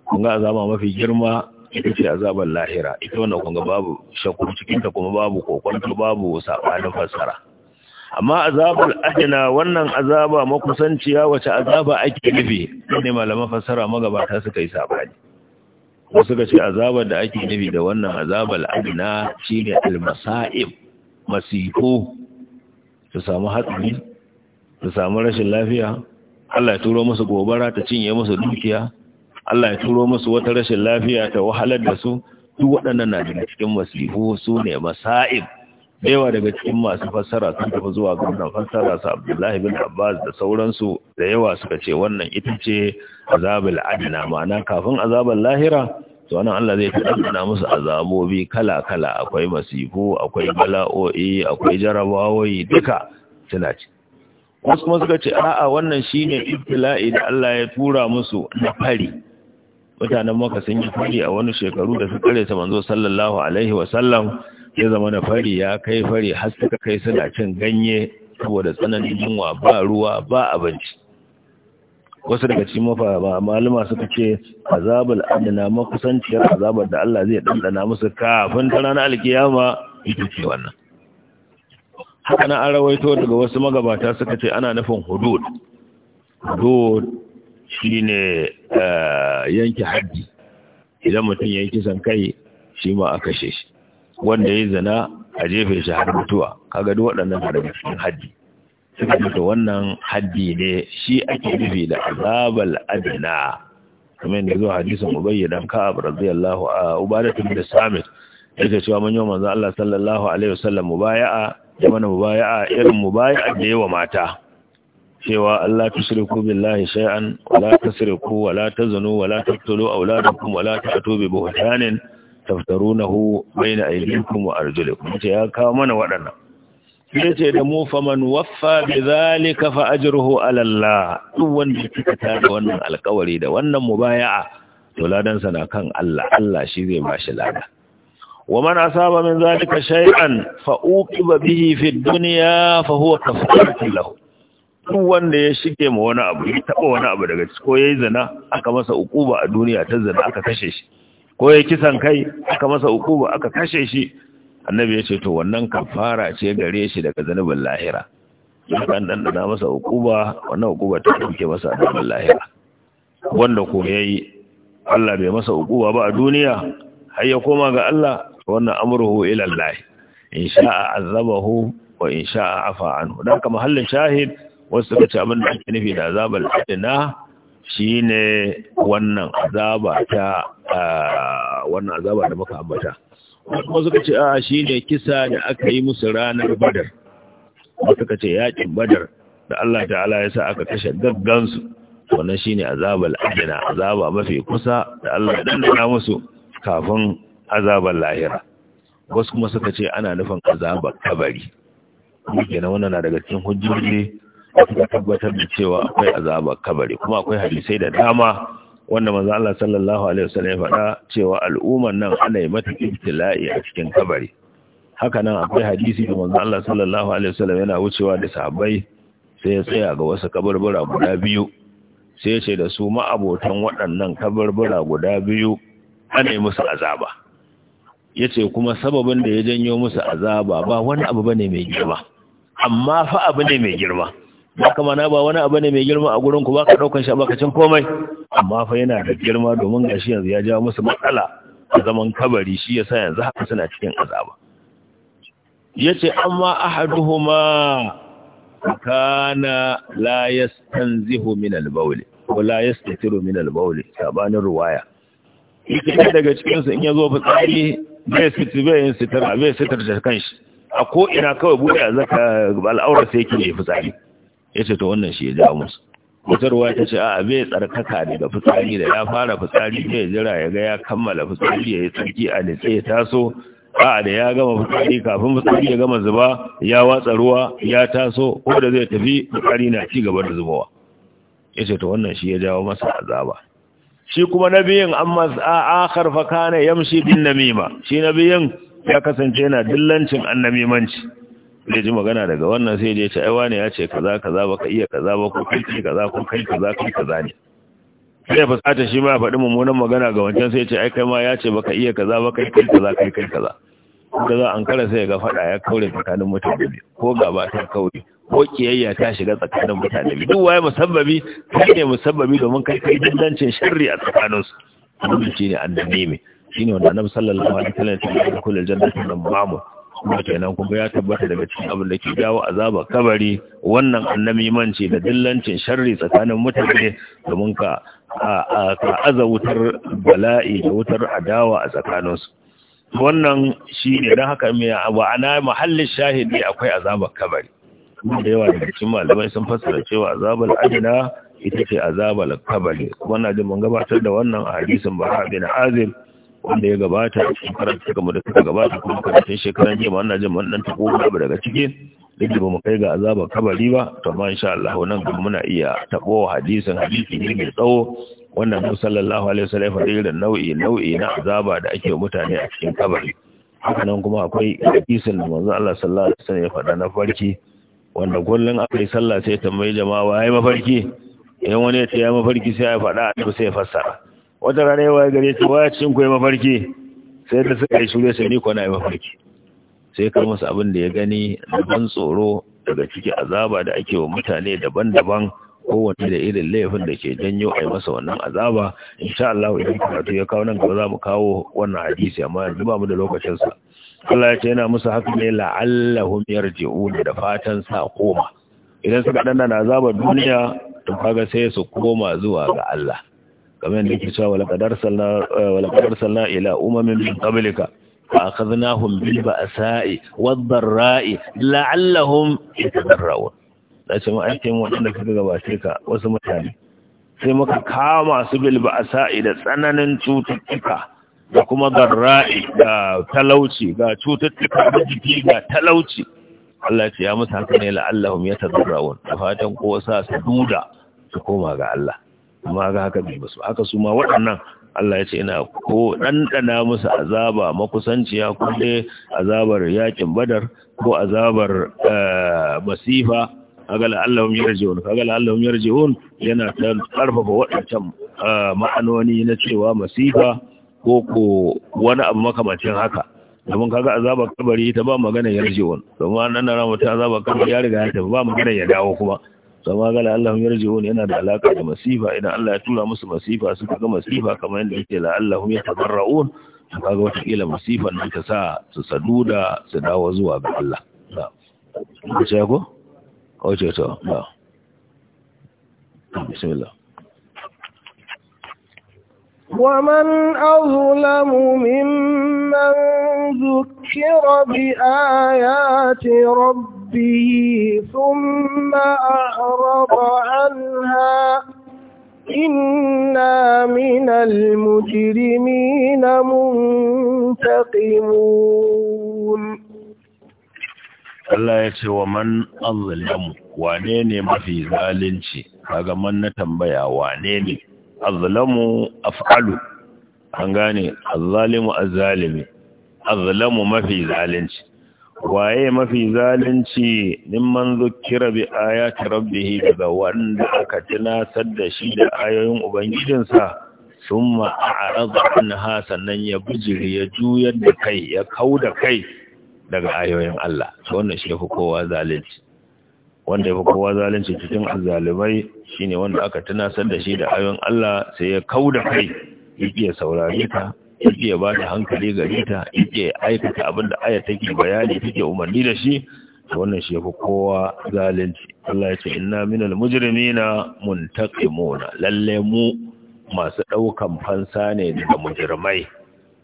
kun ga azaba mafi girma ita ce azabar lahira ita wanda kun ga babu shakku cikin ta kuma babu kokonta babu sabanin fassara amma azabar adina wannan azaba makusanciya wace azaba ake nufi ne malaman fassara magabata suka yi sabani Ko suka ce azabar da ake nufi da wannan azabar adina shine al-masa'ib masifu su samu hatsari su samu rashin lafiya Allah ya turo musu gobara ta cinye musu dukiya Allah ya turo musu wata rashin lafiya ta wahalar da su duk waɗannan na daga cikin masifu su ne masa'ib yawa daga cikin masu fassara sun tafi zuwa ga wannan fassara su Abdullahi bin Abbas da sauransu da yawa suka ce wannan ita ce azabul adna ma'ana kafin azabul lahira to wannan Allah zai tsananta musu azabobi kala-kala akwai masifu akwai bala'o'i akwai jarabawoyi duka suna ci wasu kuma suka ce a'a wannan shine ibtila'i da Allah ya tura musu na fari mutanen maka sun yi fari a wani shekaru da suka kare ta manzo sallallahu alaihi wa sallam ya zama na fari ya kai fari har suka kai suna cin ganye saboda tsananin yunwa ba ruwa ba abinci wasu daga cikin mafa maluma suka ce azabul adana makusanciyar azabar da Allah zai dandana musu kafin ta ranar alkiyama ita ce wannan haka na an rawaito daga wasu magabata suka ce ana nufin hudud hudud shine eh, yanke haddi idan mutum yi kisan kai shi ma a kashe shi wanda ya zina a jefe shi har mutuwa kaga duk waɗannan har haddi suka ce wannan haddi ne shi ake nufi da azabal adna kamar da zuwa hadisin bayyana dan ka'ab radiyallahu a ubadatu da samit yake cewa manyan manzo Allah sallallahu alaihi wasallam mubaya'a da mana mubaya'a irin mubaya'a da yawa mata cewa Allah tushriku billahi shay'an wala tusriku wala tazunu wala taqtulu auladakum wala ta'tu bi buhtanin taftarunahu bayna aydikum wa arjulikum ce ya kawo mana waɗannan sai ce da mu faman waffa bi zalika fa ajruhu ala Allah duk wanda kika ta da wannan alƙawari da wannan mubaya'a to ladan sa na kan Allah Allah shi zai ba shi lada wa man asaba min zalika shay'an fa uqiba bihi fi dunya fa huwa kafaratu lahu duk wanda ya shige mu wani abu ya taba wani abu daga ciki ko yayi zina aka masa ukuba a duniya ta zina aka kashe shi ko yayi kisan kai aka masa ukuba aka kashe shi annabi ya ce to wannan kafara ce gare shi daga zanubin lahira kan ɗanɗana masa hukuba wannan hukuba ta ɗauke masa zanubin lahira wanda ko ya yi Allah bai masa hukuba ba a duniya har ya koma ga Allah wannan amurhu ilallahi in sha'a azabahu wa in sha'a afa anhu dan kama halin shahid wasu suka ce abin da ake nufi da azabal ina, shine wannan azaba ta ah, wannan azaba da muka ambata kuma suka ce a shi ne kisa da aka yi musu ranar badar suka ce yakin badar da Allah ta'ala ya sa aka kashe gaggansu wannan shi ne azabar adina azaba mafi kusa da Allah ya danna musu kafin azabar lahira wasu kuma suka ce ana nufin azabar kabari kenan wannan na daga cikin hujjoji suka tabbatar da cewa akwai azabar kabari kuma akwai hadisai da dama wanda manzo Allah sallallahu alaihi wasallam ya faɗa cewa al'umman nan ana yi mata ibtila'i a cikin kabari haka nan akwai hadisi da manzo Allah sallallahu alaihi wasallam yana wucewa da sahabbai sai ya tsaya ga wasu kabarbura guda biyu sai ya ce da su ma'abotan waɗannan kabarbura guda biyu ana yi musu azaba ya ce kuma sababin da ya janyo musu azaba ba wani abu bane mai girma amma fa abu ne mai girma haka mana ba wani abu ne mai girma a gurin ku ba ka ɗaukan shi a bakacin komai amma fa yana da girma domin gashi yanzu ya jawo musu matsala a zaman kabari shi yasa yanzu haka suna cikin azaba yace amma ahaduhuma kana la yastanzihu min al-bawl wa la yastatiru min al-bawl sabanin ruwaya yake daga cikin su in yazo fitsari bai siti bai yin sitar bai sitar da kanshi a ko ina kawai bude zaka al'aura sai yake fitsari ya ce ta wannan shi ya jawo musu mutarwa ta ce a bai tsarkaka daga fitsari da ya fara fitsari zai jira ya ga ya kammala fitsari ya yi tsarki a nitse ya taso a da ya gama fitsari kafin fitsari ya gama zuba ya watsa ruwa ya taso ko da zai tafi fitsari na ci gaba da zubawa ya ce ta wannan shi ya jawo masa azaba shi kuma na biyun an mas'a a fa kana yamshi bin namima shi na biyun ya kasance yana dillancin annamimanci zai ji magana daga wannan sai je ce aiwa ne ya ce kaza kaza baka iya kaza ba ko kai kaza ko kai kaza kai kaza ne sai fusata shi ma ya faɗi mummunan magana ga wancan sai ce ai kai ma ya ce baka iya kaza ba kai kai kaza kai kai kaza da za an kara sai ga faɗa ya kaure tsakanin mutane ne, ko gaba ta kaure ko kiyayya ta shiga tsakanin mutane duk waye musabbabi kai ne musabbabi domin kai kai dindancin sharri a tsakanin su? annabi shine annabi ne shine wanda annabi sallallahu alaihi wasallam ya ce kullu jannatin mamu kuma kenan kuma ya tabbata daga cikin abin da ke jawo azaba kabari wannan annabi manci da dillancin sharri tsakanin mutane domin ka ka aza wutar bala'i da wutar adawa a tsakaninsu wannan shi ne don haka mai abu ana mahallin shahidi akwai azabar kabari da yawa da cikin malamai sun fassara cewa azabar adina ita ce azabar kabari wannan jin mun gabatar da wannan a hadisin bahar bin azim wanda ya gabata a cikin karatu kamar da suka gabata kuma karatun shekaran jiya ma ina jin mun dan tako ba daga ciki duk da mu kai ga azaba kabari ba to ma insha Allah nan kuma muna iya tabo hadisin hadisi ne mai tsawo wanda mu sallallahu alaihi wasallam fa irin nau'i nau'i na azaba da ake mutane a cikin kabari haka nan kuma akwai hadisin da manzo Allah sallallahu alaihi wasallam ya faɗa na farki wanda kullun akai sallah sai tambayi jama'a wai mafarki idan wani ya ce ya mafarki sai ya faɗa a sai ya fassara wata rana yawa gare ta waya cin kuwa mafarki sai da suka yi shirya sai ni kwana na yi mafarki sai kan masu abin da ya gani da ban tsoro daga ciki azaba da ake wa mutane daban-daban kowanne da irin laifin da ke janyo a yi masa wannan azaba sha Allah idan karatu ya kawo nan gaba za mu kawo wannan hadisi amma yanzu ba mu da lokacin sa Allah ya ce yana musu haka ne la'allahum yarji'un da fatan sa koma idan suka danna azabar duniya to kaga sai su koma zuwa ga Allah kamar da yake cewa walaqad arsalna eh, walaqad arsalna ila umamin min qablika fa akhadnahum bil ba'sa'i wad dharra'i la'allahum yatadarrun da ce mu aikin waɗanda suka gabace ka wasu mutane sai muka kama su bil ba'sa'i da tsananin cututtuka da kuma dharra'i da talauci ga cututtuka da jiki ga talauci Allah ya ce ya musu haka ne la'allahum yatadarrun da fatan ko sa su duda su koma ga Allah amma ga haka bai basu haka su ma waɗannan Allah ya ce ina ko ɗanɗana musu azaba makusanciya ko dai azabar yakin badar ko azabar eh, masifa agala yarje yarji'un agala yarje yarji'un yana karfafa waɗancan eh, ma'anoni na cewa masifa ko ko wani abu makamacin haka domin kaga azabar kabari ta ba magana yarje yarji'un domin nan na mutum azabar kabari ya riga ya tafi ba magana ya dawo kuma sama ga la'allahum wani yana da alaka da masifa idan Allah ya tura musu masifa suka ga masifa kamar yadda yake la'allahum yatabarra'un to kaga wata kila masifan nan ta sa su saduda su dawo zuwa ga Allah ku ce ko ko ce to bismillah ومن أظلم ممن ذكر ربه ثم أعرض عنها إنا من المجرمين منتقمون Allah ya ce wa man azlamu wane ne mafi zalunci kaga man na tambaya wane ne azlamu af'alu an gane azzalimu azzalimi azlamu mafi zalunci waye mafi zalunci man zukira bi ayati rabbihi daga wanda aka tunasar da shi da ayoyin ubangijinsa summa a'rada anha sannan ya bujiri ya juyar da kai ya kauda kai daga ayoyin Allah wannan shi yafi kowa zalunci wanda yafi kowa zalunci cikin azzalibai shine wanda aka tunasar da shi da ayoyin Allah sai ya kauda kai yake saurare ka yake ya ba hankali ga ta yake aikata abin da aya take bayani take umarni da shi wannan shi yafi kowa zalunci Allah ya ce inna minal mujrimina muntaqimuna lalle mu masu daukan fansa ne daga mujrimai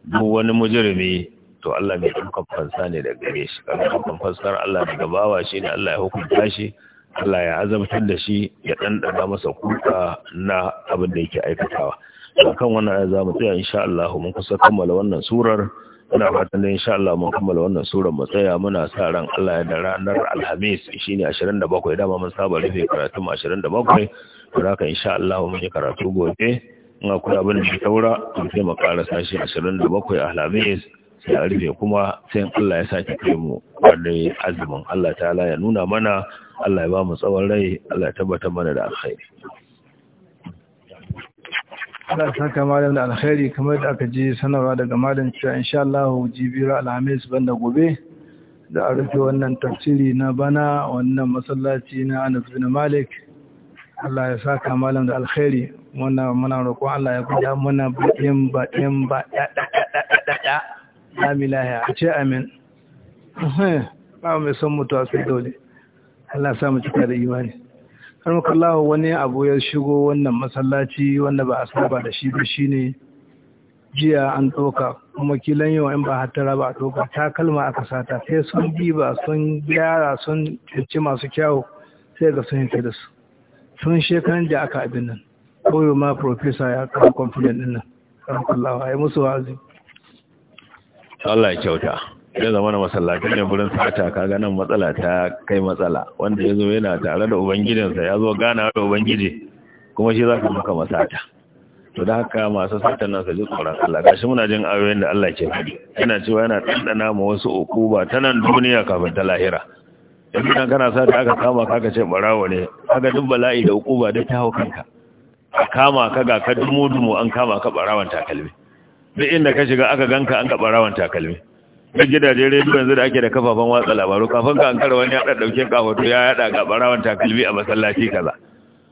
duk wani mujrimi to Allah mai daukan fansa ne daga gare shi kan fansar Allah daga bawa shine Allah ya hukunta shi Allah ya azabtar da shi ya dandana masa kuka na abin da yake aikatawa akan wannan aya zamu tsaya insha Allah mun kusa kammala wannan surar ina fatan da insha Allah mun kammala wannan surar mu tsaya muna sa ran Allah ya da ranar Alhamis shine 27 dama mun saba rufe karatu mu 27 to haka insha Allah mun yi karatu gobe in akwai abin da taura to sai mu karasa sashi 27 Alhamis sai a rufe kuma sai Allah ya sake kai mu Wannan azumin Allah ta'ala ya nuna mana Allah ya ba mu tsawon rai Allah ya tabbata mana da alkhairi Allah ta saka malam da alkhairi kamar da aka ji sanarwa daga malam cewa insha Allah jibira alhamis banda gobe da a rufe wannan tafsiri na bana wannan masallaci na Anas bin Malik Allah ya saka malam da alkhairi wannan muna roƙon Allah ya kuɗa muna baɗin baɗin ba ya da da da da amin lahiya ce amin ba mai son mutuwa sai dole Allah ya sa mu cika da imani karmakallahu wani abu ya shigo wannan masallaci wanda ba a saba da shi ba shi ne jiya an ɗauka kuma kilan yau in ba hatara ba a takalma aka sata sai sun diba sun gyara sun cinci masu kyawu sai ga sun yanke da su sun shekaran da aka abin nan koyo ma profesa ya kawo kwamfilin ɗin nan karmakallahu ya musu wa'azi Allah ya kyauta ya zama na masallaci ne gurin sata kaga nan matsala ta kai matsala wanda ya zo yana tare da ubangidansa ya zo gana da ubangiji kuma shi za ka maka masata to da haka masu satan nasa su ji tsoron Allah Ga shi muna jin ayoyin da Allah ke faɗi yana cewa yana ɗanɗana ma wasu ukuba ta nan duniya kafin ta lahira yanzu nan kana sata aka kama ka aka ce barawo ne kaga duk bala'i da ukuba duk ta hau kanka a kama ka ga ka dumu dumu an kama ka barawon takalmi duk inda ka shiga aka ganka an ka barawon takalmi na gidajen rediyo yanzu da ake da kafafen watsa labaru kafin ka ankara wani yaɗa ɗauke kafato ya yaɗa ga barawan takalmi a masallaci kaza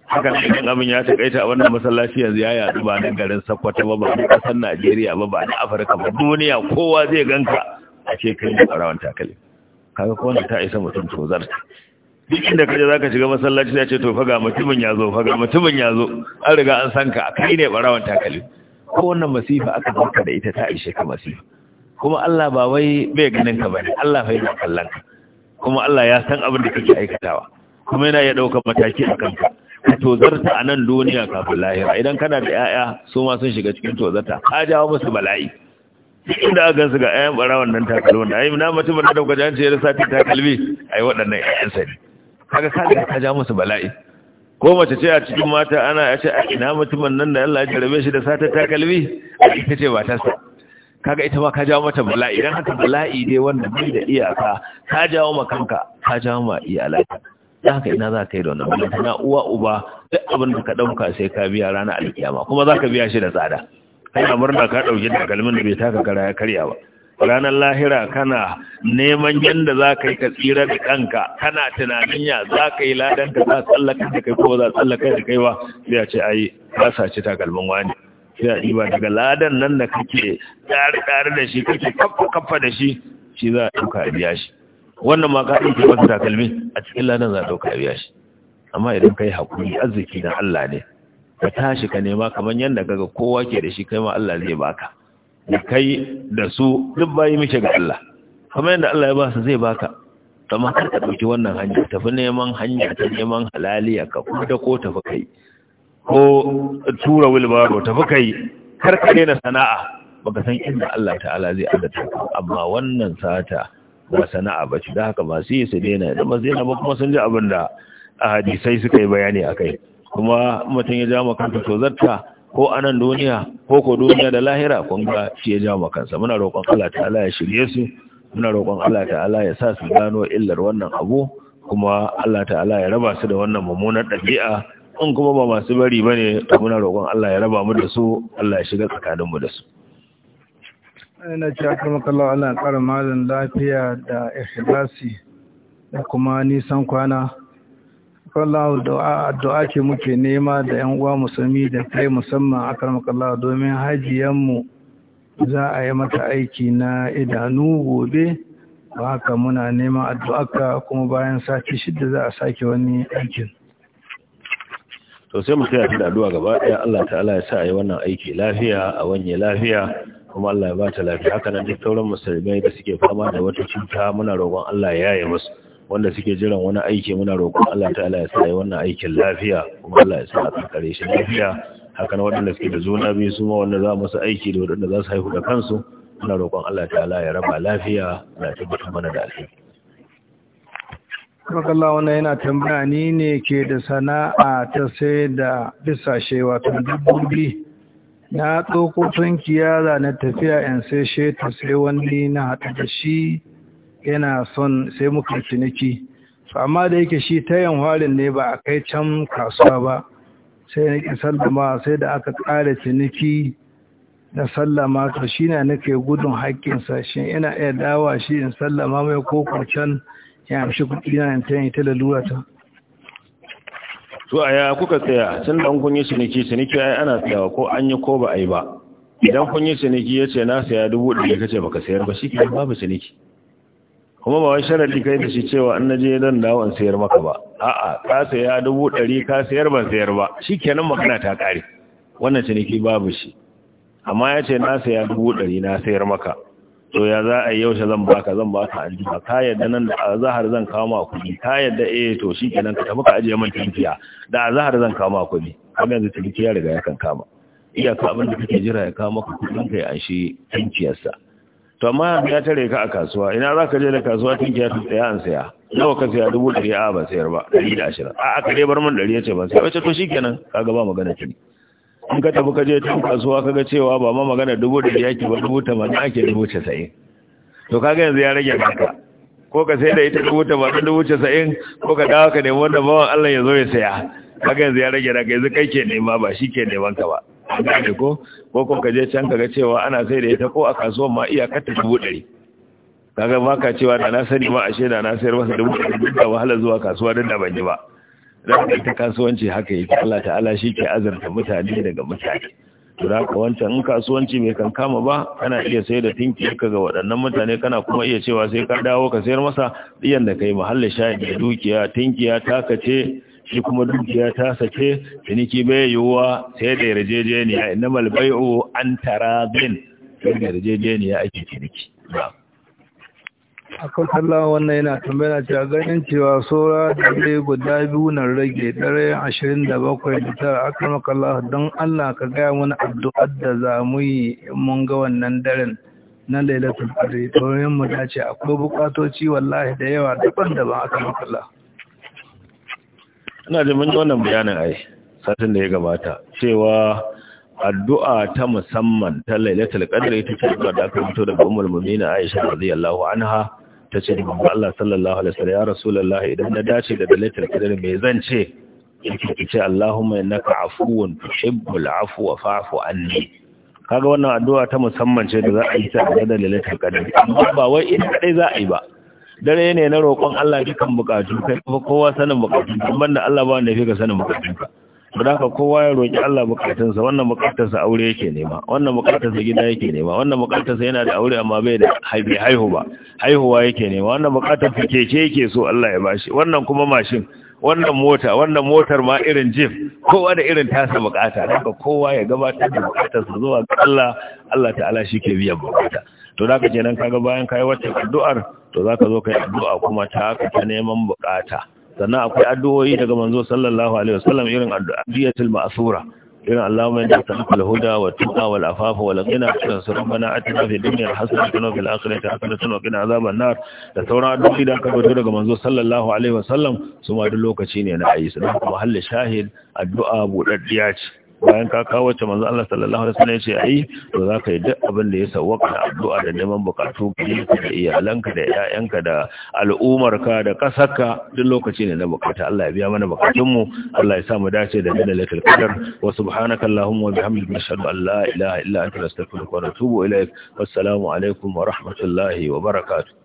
haka ne kan abin ya taƙaita a wannan masallaci yanzu ya yaɗu ba na garin sakkwata ba ba na ƙasar najeriya ba ba na afirka ba duniya kowa zai ganka a ce kai da barawan takalmi kaga ko wanda ta isa mutum to zar duk inda kaje zaka shiga masallaci ya ce to fa ga mutumin ya zo fa ga mutumin ya zo an riga an san ka kai ne barawan takalmi ko wannan masifa aka barka da ita ta ishe ka masifa kuma Allah ba wai bai ganin ka bane Allah fa yana kallon ka kuma Allah ya san abin da kake aikatawa kuma yana ya dauka mataki a kanka ka tozarta a nan duniya kafin lahira idan kana da 'ya'ya, su ma sun shiga cikin tozarta ka jawo musu bala'i inda aka ga ayan bara nan takalmin da ai na mutum da dauka jan ce ya ta takalmi ai waɗannan ayan sa ne kaga ka ga ka jawo musu bala'i ko mace ce a cikin mata ana ya ce ina mutumin nan da Allah ya jarabe shi da sata takalmi ita ce ba ta sa kaga ita ma ka jawo mata bala'i idan haka bala'i dai wanda bai da iyaka ka jawo ma kanka ka jawo ma iyalanka dan haka ina za ka yi da wannan bala'i na uwa uba duk abin da ka dauka sai ka biya ranar alkiyama kuma za ka biya shi da tsada kai amur murna ka dauki takalmin da bai taka kara ya karya ba ranar lahira kana neman yadda za ka yi ka tsira da kanka kana tunanin ya za ka yi ladan ka za tsallaka da kai ko za tsallaka da kaiwa sai a ce ai ka saci takalmin wani sai a ɗiba daga ladan nan da kake tsare-tsare da shi kake kafa-kafa da shi shi za a ɗauka a biya shi wannan ma ka ɗauke masa takalmi a cikin ladan za a ɗauka a biya shi amma idan ka yi haƙuri arziki na Allah ne ka tashi ka nema kamar yadda kaga kowa ke da shi kai ma Allah zai baka da kai da su duk bayi mace ga Allah kamar yadda Allah ya ba su zai baka amma kar ka ɗauki wannan hanya tafi neman hanya ta neman halaliya ka kuma da ko tafi kai ko tura wilbaro tafi kai karkare na sana'a baka san inda Allah ta'ala zai adata amma wannan sata ba sana'a ba ci da haka masu yi su daina da masu na ba kuma sun ji abin da a hadisai suka yi bayani a kai kuma mutum ya jama kanta zarta ko a nan duniya ko ko duniya da lahira kun ga shi ya jama kansa muna roƙon Allah ta'ala ya shirye su muna roƙon Allah ta'ala ya sa su gano illar wannan abu kuma Allah ta'ala ya raba su da wannan mummunar ɗabi'a in kuma ba masu bari ba ne muna roƙon Allah ya raba mu da su Allah ya shiga tsakaninmu da su ina ce aka maka Allah ya ƙara malin lafiya da ikhlasi da kuma nisan kwana kallahu addu'a ce muke nema da yan uwa musulmi da kai musamman aka Allah domin hajiyanmu za a yi mata aiki na idanu gobe ba haka muna neman addu'a kuma bayan sati shida za a sake wani aikin to sai mu tsaya da addu'a gaba ɗaya Allah ta'ala ya sa a yi wannan aiki lafiya a wanye lafiya kuma Allah ya bata lafiya haka nan duk sauran musulmai da suke fama da wata cuta muna roƙon Allah ya yaye musu wanda suke jiran wani aiki muna roƙon Allah ta'ala ya sa a yi wannan aikin lafiya kuma Allah ya sa a kare shi lafiya haka nan waɗanda suke da zuwa biyu su ma wanda za musu aiki da waɗanda za su haihu da kansu muna roƙon Allah ta'ala ya raba lafiya na tabbatar mana da alheri makalla wannan yana tambaya ni ne ke da sana'a ta sai da shewa wato dabbobi na tsoko kiyara na tafiya in sai she ta sai wani na haɗu da shi yana son sai muka ciniki amma da yake shi ta yin yanwarin ne ba a kai can kasuwa ba sai na ƙi sallama sai da aka ƙara ciniki na sallama to shi na nake gudun haƙƙinsa shi ina iya dawa shi in sallama mai ko can ya amshi kuɗi na ta yi ta lalura ta tuwa ya kuka tsaya tun da kun yi ciniki ciniki ai ana tsayawa ko an yi ko ba a yi ba idan kun yi ciniki ya ce na saya dubu ɗari kace baka sayar ba shi ke babu ciniki kuma ba wai sharadi kai da shi cewa an naje don dawo in sayar maka ba a'a ka saya dubu ɗari ka sayar ban sayar ba shi kenan magana ta ƙare wannan ciniki babu shi amma ya ce na saya dubu ɗari na sayar maka to ya za a yi yaushe zan baka zan baka aljima ka yadda nan da azahar zan kawo ma kuɗi ka yadda eh to shi kenan ka tafi ka ajiye man kinkiya da azahar zan kawo ma kuɗi kuma yanzu ciniki riga ya kan kama iyaka abin da kake jira ya kawo maka kuɗin ka ya anshi kinkiyarsa to amma ya tare ka a kasuwa ina za ka je da kasuwa tinkiya ta tsaya an saya nawa ka saya dubu ɗari a ba sayar ba ɗari da ashirin a aka dai bar min ɗari ya ce ba sai wace to shi kenan ka ga ba magana kini in ka tafi ka je tun kasuwa kaga cewa ba ma magana dubu da yake ba dubu tamanin ake dubu casa'in to kaga yanzu ya rage naka ko ka sai da ita dubu tamanin dubu casa'in ko ka dawo ka nemi wanda bawan Allah ya zo ya saya kaga yanzu ya rage naka yanzu kai ke nema ba shi ke neman ka ba gane ko ko ko ka je can kaga cewa ana sai da ita ko a kasuwan ma iyakar ta dubu ɗari kaga ba ka cewa da na sani ma ashe da na sayar masa dubu ɗari duk da wahala zuwa kasuwa duk da ban ji ba zaka ta kasuwanci haka yake Allah ta'ala shi ke azarta mutane daga mutane da ka wancan in kasuwanci bai kan kama ba kana iya sai da tinki ka ga waɗannan mutane kana kuma iya cewa sai ka dawo ka sayar masa ɗiyan da kai mahallin shayin da dukiya tinkiya taka ce shi kuma dukiya ta sake ciniki bai yiwuwa sai da yarjejeniya innamal bai'u an bin sai da yarjejeniya ake ciniki akwai Allah wannan yana tambaya cewa ganin cewa saura da dai guda biyu na rage dare ashirin da bakwai da tara akan makalla don allah ka gaya mana addu'ar da za mu yi mun ga wannan daren na lailatul qadri to yin mu dace akwai bukatoci wallahi da yawa daban-daban maka makalla ina da mun wannan bayanin ai satin da ya gabata cewa addu'a ta musamman ta lailatul qadr ita ce addu'a da aka fito daga ummul mu'minin Aisha radiyallahu anha ta ce da manzo Allah sallallahu alaihi wasallam ya rasulallah idan na dace da dalatul qadar me zan ce yake ce Allahumma innaka afuwun tuhibbul afwa fa'fu anni kaga wannan addu'a ta musamman ce da za a yi ta da dalatul qadar amma ba wai ina kadai za a yi ba dare ne na roƙon Allah dukan bukatu kai kowa sanin bukatu kuma da Allah ba wanda yake sanin bukatun ka haka kowa ya roƙi Allah bukatunsa wannan bukatunsa aure yake nema wannan bukatunsa gida yake nema wannan bukatunsa yana da aure amma bai da haifi haihu ba haihuwa yake nema wannan bukatunsa keke yake so Allah ya bashi wannan kuma mashin wannan mota wannan motar ma irin jif kowa da irin tasa bukata haka kowa ya gabatar da bukatunsa zuwa ga Allah Allah ta'ala shi ke biyan bukata to da ka kenan kaga bayan kai wata addu'ar to ka zo kai addu'a kuma ta ka neman bukata sannan akwai addu'o'i daga manzo sallallahu alaihi wasallam irin addu'atul ma'sura irin Allahumma inna nas'aluka al-huda wa at-tuqa wal afafa wal ghina rabbana atina fid dunya hasanatan wa fil akhirati hasanatan wa qina azaban nar da sauran addu'o'i da aka rubuta daga manzo sallallahu alaihi wasallam su ma duk lokaci ne na ayi sannan kuma halle shahid addu'a budaddiya ce bayan ka kawo wacce manzo Allah sallallahu alaihi wasallam ya ce ai to za ka yi duk abin da ya sawwaka addu'a da neman bukatu ka da iyalanka da ƴaƴanka da al'umarka da kasarka duk lokaci ne na bukata Allah ya biya mana bukatun mu Allah ya sa mu dace da dalalatul qadar wa subhanaka allahumma wa bihamdika ashhadu an la ilaha illa anta astaghfiruka wa atubu ilaik wassalamu alaikum wa rahmatullahi wa barakatuh